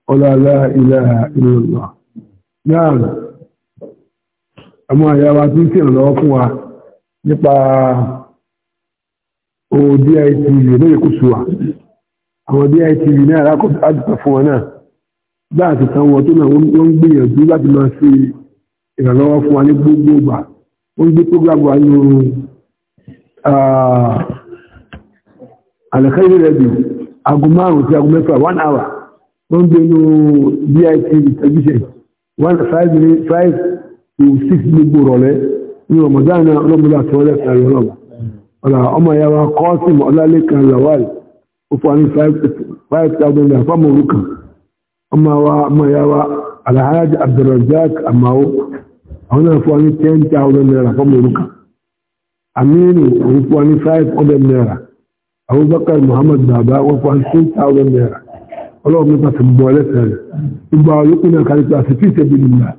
ولا لا إله إلا الله نعم أما يا واتين كنا لوقوا nípa owó DITV lóye kò ṣùwà àwọn DITV náà lákòókò àdìpà fún wọn náà bá àti sanwó tó náà wọ́n ń gbìyànjú láti máa ṣe ìrànlọ́wọ́ fún wa ní gbogbo ìgbà wọ́n gbé program wa ní àlẹ́kẹ́rẹ́ rẹ̀ bí aago márùn-ún sí aago mẹ́fà one hour wọ́n gbé ní DITV television one five million five to six gbogbo rọ̀lẹ́ ní Ramadan náà ọlọ́mọdé àti ọlẹ́ kan lọ́wọ́ ọ̀là ọmọ ìyá wa Qasim Ọlálẹ́kan Lawal ó fún wa ní five thousand naira fáwọn orúkọ ọmọ wa ọmọ ìyá wa Alhaji Abdulrazak Amao àwọn náà fún ní ten thousand naira fáwọn orúkọ Aminu òun fún wa ní five hundred naira Abubakar Muhammad Baba wọ́n fún ní six thousand naira ọlọ́run mẹ́ta ti gbọ́ ẹlẹ́sẹ̀ rẹ̀ gbogbo àwọn yòókù náà kárí pé àti fíìsẹ̀ bí nìyà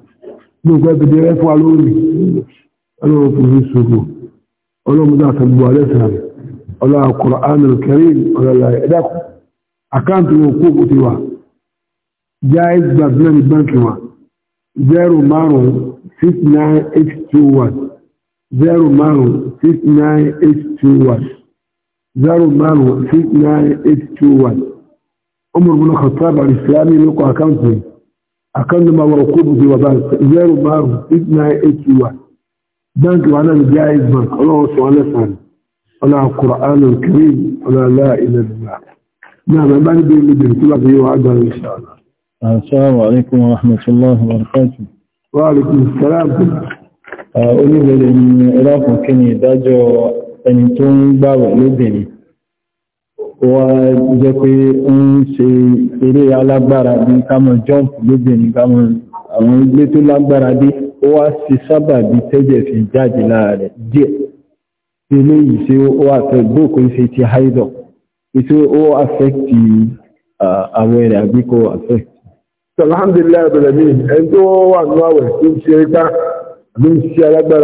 gbogbo ẹgbẹ̀dẹ̀ rẹ̀ fún alóòrì ọlọ́run fún mi ṣòro ọlọ́run mẹ́ta ti gbọ́ ẹlẹ́sẹ̀ rẹ̀ ọlọ́run Qur'an al-Karim ọlọ́run ẹ̀dá àkáǹtì wọn kó kó ti wà Jaiz Bank náà ní báńkì wa zero márùn six nine eight two one zero márùn six nine eight two one zero márùn six nine eight two one. عمر بن الخطاب الإسلامي لقى أكاونت أكاونت ما ورقوبه في وبانك زيرو مارو إدنا إيتي واحد بانك معنا بجائز بانك الله سبحانه وتعالى على القرآن الكريم على لا إله إلا الله نعم ما نبي اللي بنتبع فيه وعدها إن شاء الله السلام عليكم ورحمة الله وبركاته وعليكم السلام Oníbẹ̀rẹ̀ ni ẹlọ́pùn kí ni ìdájọ́ ẹni tó ń gbàwẹ̀ lóbìnrin wọ́n jẹ́ pé ó ń ṣe eré alágbára bí kámọ̀ jump lóbìnrin kámọ̀ àwọn ilé tó lágbára dé ó wá sí sábà bí tẹ́jẹ̀ fi jáde láàrẹ̀ díẹ̀ tí ilé yìí ṣe ó àfẹ́ gbóòkó ṣe ti haidọ̀ ìṣe ó àfẹ́kì àwẹ̀ rẹ̀ àbí kò àfẹ́kì. alhamdulilayi bẹ̀rẹ̀ mi ẹni tó wà nínú àwẹ̀ tó ń ṣe ipá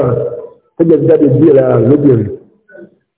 ló ń ṣe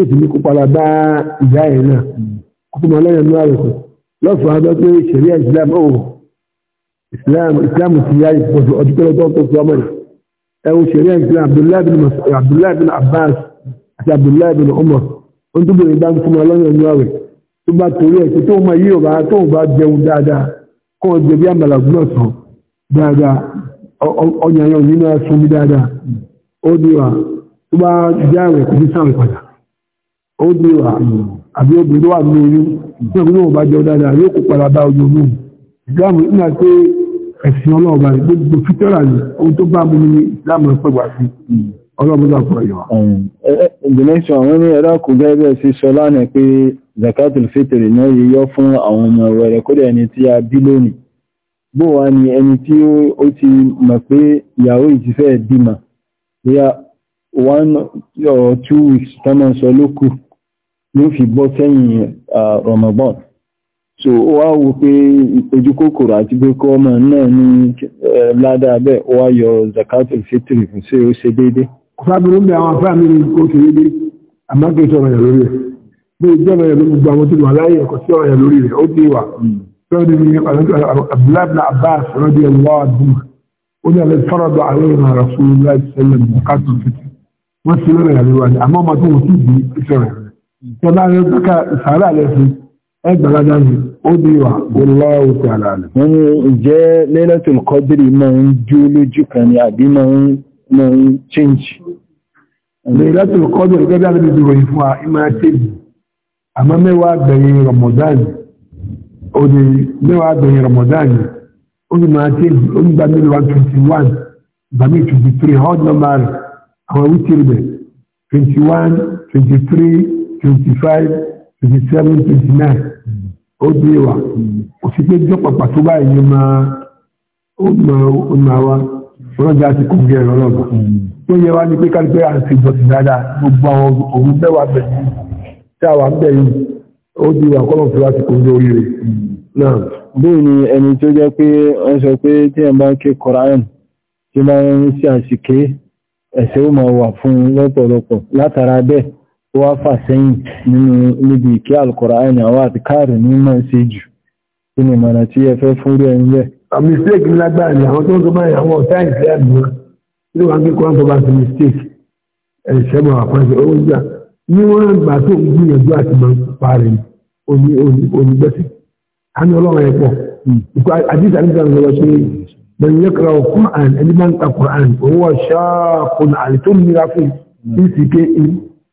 ó sì ní kó padà bá ìyá ẹ̀ náà kó fún ọlọ́yẹ̀ ní àrẹ̀kọ̀ lọ́fàá bá pé ìṣẹ̀rí islam ó islam islam ti yá ìpọ̀jù ọdún tó lọ́tọ́ tó fún ọmọ ẹ̀wọ̀n ìṣẹ̀rí islam abdullahi bin mas'ud bin abbas àti abdullahi bin umar ó ń tó bèrè bá ń fún ọlọ́yẹ̀ ní àrẹ̀ tó bá torí ẹ̀ tó tó máa yí o jẹ bí àmàlà gbúdọ̀ sàn dáadáa ọ̀yàn yàn nínú ẹ̀sùn mi dáadáa ó ní wa tó bá jáwèé kò ní sáwèé padà ó dé wà àbí obìnrin tó wà ní oyún tí ọmọ náà bá jẹun dáadáa yóò kó padà bá ojú olóhùn ìsìláàmù nígbà pé ẹ̀sìn ọlọ́ọ̀bá rẹ̀ gbogbo fítọ́rà ni ohun tó bá mú ní ìsìláàmù pẹ̀ wá sí ọlọ́mọdé àpọ̀ ẹ̀yọ́. ìgbìmọ̀ṣọ́ àwọn ní ẹ̀rọ kò gẹ́gẹ́ bẹ́ẹ̀ sí sọ lánàá pé zakatul fitr náà yíyọ fún àwọn ọmọ rẹ̀ kódà ẹni tí a bí lónìí bó wá ni ẹni tí ó ti one or two weeks tọ́mọ̀ sọ yóò fi bọ́ sẹ́yìn Ramadan so ó wá wo pé ojú kòkòrò àti pé kọ́ ọmọ náà ní ládàá bẹ́ẹ̀ ó wá yọ zakatul fitri fún sí ó ṣe déédé. kò sábìrún bí àwọn afẹ́ mi ní kó ṣe déédé àmọ́ kì í sọ̀rọ̀ yẹn lórí rẹ̀ bí ìjọ ọ̀rọ̀ yẹn ló gbogbo àwọn tó wà láyé ẹ̀kọ́ sí ọ̀rọ̀ yẹn lórí rẹ̀ ó ti wà. sọ́ọ́dì ni Abdullahi Abbas rọ́dí ẹ̀ lọ́wọ́ àdúgbò ó ní alẹ́ fọ́rọ̀dọ̀ àríwá rasulillah sallam zakatul ìjọba rẹ̀ gbọ́ká ìsàárà lẹ́fún ẹgbàlájá ni ó dé wà Allahu ta'ala. wọ́n ní ìjẹ́ Lailatul Qadri máa ń jó lójú kan ní àbí máa ń change. Lailatul Qadri gẹ́gẹ́ bí ìdúró ìfún wa ìmọ̀ àtẹ́bì àmọ́ mẹ́wàá bẹ̀yìn Ramadan ó ní mẹ́wàá bẹ̀yìn Ramadan ó ní máa tẹ́bì ó ní gbàmí one twenty one gbàmí twenty three hard number àwọn wítìrì bẹ̀ twenty one twenty three twenty five twenty seven twenty nine ó dé wa kò sí pé jọ́pọ̀ pàtó báyìí ni máa ó máa ó máa wá ọlọ́jà ti kò gé ẹ̀rọ lọ́gbà ó yẹ wá ní pé kálípẹ́ àti ìbọ̀sì dáadáa gbogbo àwọn òun mẹ́wàá bẹ̀ tí a wà ń bẹ̀ yìí ó di wà kọ́lọ̀ fún láti kò gé orí rẹ̀ náà. bóyá ni ẹni tó jẹ́ pé wọ́n sọ pé tí ẹ̀ bá ń ké koran tí máa ń ṣe àṣìké ẹ̀ṣẹ̀ ó máa wà fún lọ́pọ̀lọpọ̀ látara bẹ́ẹ̀ wá fà sẹ́yìn nínú níbi ìkẹ́ alkùnrin àwọn àti káàrì ní máa ṣe jù kí ni mọ̀nà tí ẹ fẹ́ fún rẹ̀ nílẹ̀. mistake ni àwọn tó ń tó báyìí àwọn ọ̀tá ìfẹ́ mistake ẹ̀ṣẹ́ bọ̀ àpáṣẹ owó jà ní wọ́n gbà tó ń gbìyànjú àti máa ń parí oní onígbẹ́sẹ̀ àmì ọlọ́run ẹ̀ pọ̀ hmm. ìkọ́ àdìsá nígbà tó lọ sí من يقرأ القرآن لمن القرآن وهو شاق على تمر في في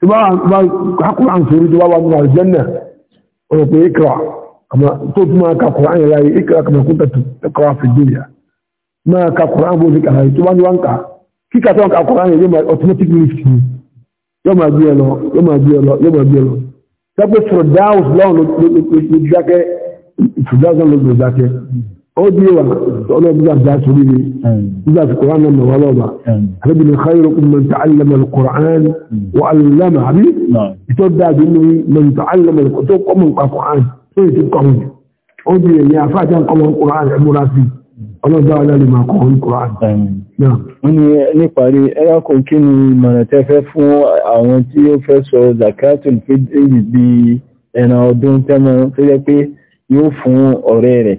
Quran sori tó bá wà nínú àlùjẹ́nà ọ̀rọ̀ pé ikra tó tún máa ka Quran yẹn láyé ikra kàmá kúta ẹ̀kọ́ àfẹ́jọ́yà máa ka Quran bó ti kàlàyé tó bá ní wá ń kà automatic lift ni yóò máa gbé ẹ lọ yóò máa gbé ẹ lọ yóò máa gbé ẹ lọ. sẹ́pẹ́ fúrọ̀dáwùs lọ́wọ́ ló ti dákẹ́ fúrọ̀dáwùs lọ́wọ́ أوديوا أولو بزاف داسولي بزاف القرآن لما ولوما ربنا خيركم من تعلم القرآن وعلم عبي يتودى بني من تعلم القرآن من القرآن إيه تبقهم أودي يا فاتن قوم القرآن المناسي ọlọ́run bá alẹ́ lè máa kọ̀ ní Kùránì. wọ́n ní níparí ẹ́yàkùn kí ni ìmọ̀ràn tẹ́ fẹ́ fún àwọn tí ó fẹ́ sọ zakatul fitr bí ẹ̀nà ọdún tẹ́mọ̀ tó jẹ́ pé yóò fún ọ̀rẹ́ rẹ̀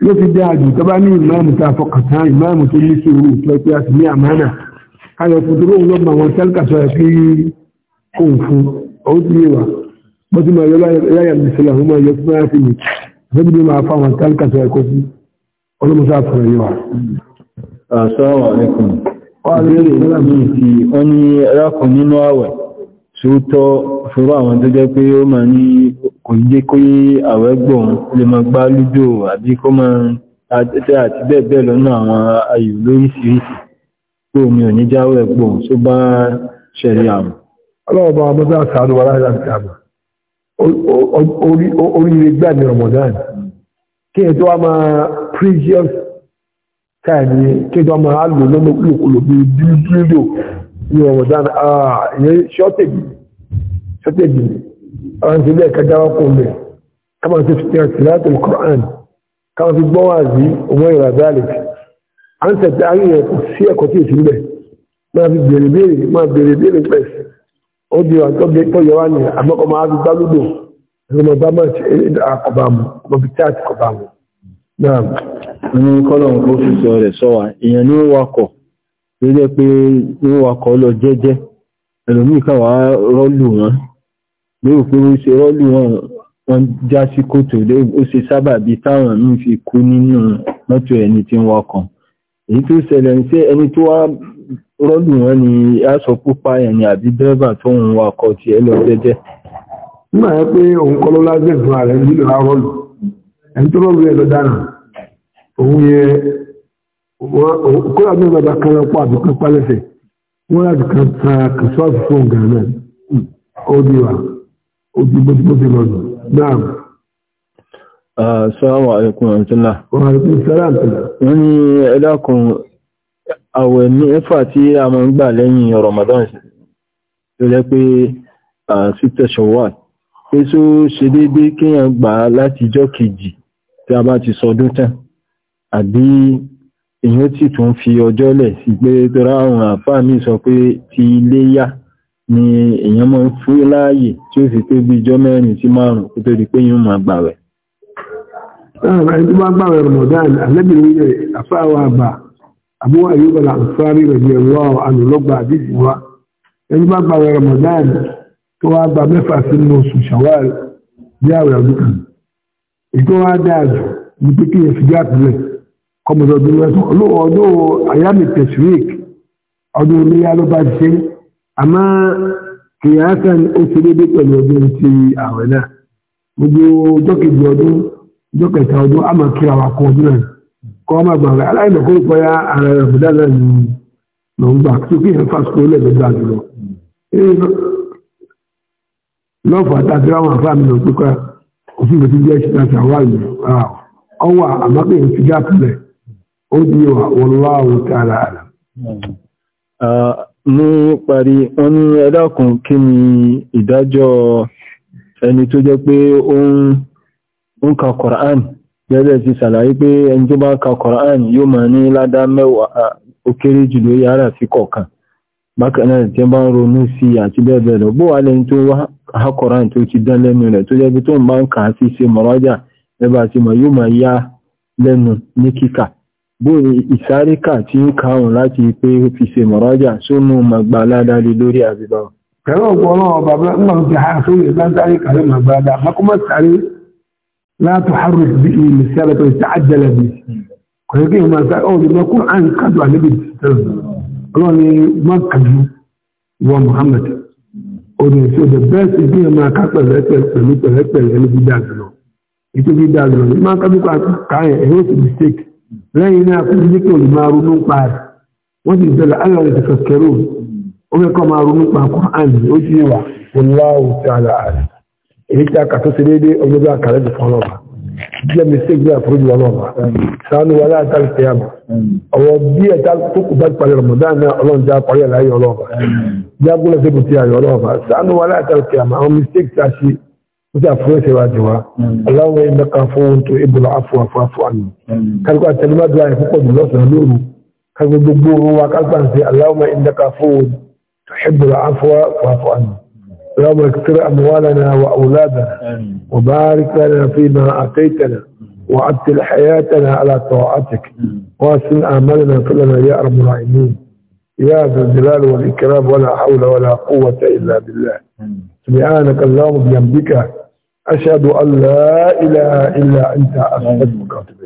ló fi dá àjò tó bá ní ìmáàmù tá a fọkàntán ìmáàmù tó ní sùúrù tó pé a sì ní àmánà ayọ̀ fòdúró lọ́gbà wọn tẹ́lẹ̀kà sọ ẹ̀ pé kò fún ọ̀hún ti yé wa bó ti máa yọ láyà ìṣẹ̀lẹ̀ àwọn ọmọ ni máa fáwọn tẹ́lẹ̀kà sọ ẹ̀ kó kò jẹ́ kó yí àwẹ́ gbọ̀n lè máa gbá lúdò àbí kó máa tẹ́ àti bẹ́ẹ̀bẹ́ẹ̀ lọ́nà àwọn ayò lóríṣiríṣi tó omi ò ní jáwẹ́ gbọ̀n tó bá ṣẹlẹ̀ àmù. ọlọ́ọ̀bá ọmọdé àtàrà wà láyé àti àmà oríire gbà ní Ramadan kí ẹ tó wá máa previous time ni kí ẹ tó wá máa lò lọ́nà kúlòkúlò bíi bíi bíi lò ní Ramadan ah ìyẹn ṣọ́tẹ̀bì ṣọ́tẹ̀bì ni àwọn ti bẹ́ẹ̀ kájá wá kún bẹ̀ káwọn ti fi hàn síláàtì Qur'an káwọn fi gbọ́n wá sí ọmọ ìrà zalik à ń tẹ̀tẹ̀ ayẹyẹ kò sí ẹ̀kọ́ tí èsì bẹ̀ máa fi bèrè bèrè máa bèrè bèrè pẹ̀s ó di wà tó yẹ wá ní àmọ́kọ́ máa fi gbálódò ẹ̀rọ bá rọ́lù wọn lérò pé ó ṣe rọ́lù wọn wọ́n já sí kòtò ó ṣe sábà bí táwọn míì fi kú nínú mọ́tò ẹni tí wọ́n kàn èyí tó ṣẹlẹ̀ ń ṣe ẹni tó wá rọ́lù wọn ni a sọ púpá ẹni àbí dẹ́rẹ́bà tó ń wakọ̀ tiẹ̀ lọ jẹ́jẹ́ nígbà yẹn pé òun kọ́ ló lágbè fún ààrẹ nílò arọ́lù ẹni tó rọ́lù ẹ̀ lọ dáná òun yẹ kóyà náà bàbá kan lọ́pọ̀ àbùkún pálẹ́sẹ̀ wọ́n láti kan tan kìsọ́ọ̀fù fún òun gànáà ó bí wa ojú bó ti bó ti lọ́nà náà. Uh, assalamu alaikum warahmatullah. Wa alaikum assalam. Wọ́n ní ẹ dákun àwẹ̀ mẹ́fà tí a máa ń gbà lẹ́yìn Ramadan tó jẹ́ pé sítẹ̀ Shawwal. Pé tó ṣe déédé kéèyàn gbà láti jọ́ kejì tí a bá ti sọdún tán. Àbí èyí ó sì tún fi ọjọ́ lẹ̀ sí pé tó àfáà mi sọ pé ti ilé yá ni èèyàn máa ń fún láàyè tí ó sì pé bí ijọ́ mẹ́rin sí márùn-ún kó tó di pé yóò máa gbàwẹ̀. Ah, ẹni tó bá gbàwẹ̀ Ramadan alẹ́bìnrin rẹ̀ afáwọ̀ àbà àbúwà yóò bọ̀lá àǹfààní rẹ̀ ní ẹ̀rọ àlùlọ́gba àdìsí wa ẹni bá gbàwẹ̀ Ramadan tó wá gba mẹ́fà sínú oṣù Ṣawwal bí àwẹ̀ ọdún kan ètò wa dáa jù ní pé kí èsì jáàpìlẹ̀ kọ́mọdọ́dún mẹ́tọ́ ọdún àyàmì tẹ̀síríkì ọdún oníyá àmọ́ kìyàtà ó ṣe dédé pẹ̀lú ọdún ti àwẹ̀ náà gbogbo ọjọ́ kejì ọdún ọjọ́ ta ọdụ a ma kira wa kún ọdún náà kọ́ ọmọ ya ara rẹ̀ bùdá náà ní ló ń ihe tó kí ìhàn fásitì jùlọ. mi na òfin mi ti ó di àlà. ní parí wọ́n ní ẹ̀dàkùn kí ni ìdájọ́ ẹni tó jẹ́ pé ó ń ka Kọ̀rán gẹ́gẹ́ ti sàlàyé pé ẹni tó bá ka Kọ̀rán yóò máa ní ládá mẹ́wàá ó kéré jùlọ yára sí kọ̀ọ̀kan bákanáà tí bá ń ronú sí àti bẹ́ẹ̀bẹ́ẹ̀ lọ ha bóòrè ìsáríkà tí ó kàrùn láti pé ó fi ṣe mọ̀rájà sónú magbà aládáre lórí àbíbá. pẹ̀lú ọgbọ̀n ọba bẹ́ẹ̀ ń fi hàn sórí ìsáríkà lórí magbà aládáre mọ́kúnmọ́ sáré látò harris bí i mẹ́sẹ̀rẹ̀ tó ti àjẹlẹ̀ bí kò yẹ kí ìmọ̀ sáré ọ̀rọ̀ ìmọ̀ kún àn kájọ àlébi tẹ̀lẹ̀ ọlọ́ni wọ́n kàjú wọ Muhammad odò sí odò bẹ́ẹ̀ sì bí ìmọ̀ aká pẹ̀lẹ́pẹ̀lẹ́ pẹ̀lẹ́pẹ̀lẹ́ lẹ́yìn náà fún jíjẹ́ kí olùmọ̀ ronú pa rẹ̀ wọ́n sì bẹ̀rẹ̀ aláwọ̀ ìtẹ̀kẹ̀kẹ̀rò ó fẹ́ kọ́ máa ronú pa Quran ó sì wà Allahu ta'ala àrẹ̀ èyí tí a kà tó ṣe déédéé ọjọ́ bí a kà lẹ́jọ́ fún ọlọ́ba jẹ́ mistake bí àforíjì ọlọ́ba sànù wà láà tá ìfẹ́ àmọ́ ọ̀wọ́ bí ẹ̀ tá tó kù bá parí Ramadan náà ọlọ́run já parí ẹ̀ láyé ọlọ́ba وذا واجوا اللهم انك عفو تحب العفو فاعف عني قاعد سنور دبور اللهم تحب العفو عني اللهم اكثر اموالنا واولادنا وبارك لنا فيما اتيتنا وعدل حياتنا على طاعتك واحسن امالنا كلنا يا رب العالمين يا ذا الجلال والاكرام ولا حول ولا قوه الا بالله سبحانك اللهم بحمدك أشهد أن لا إله إلا أنت أستغفرك وأتوب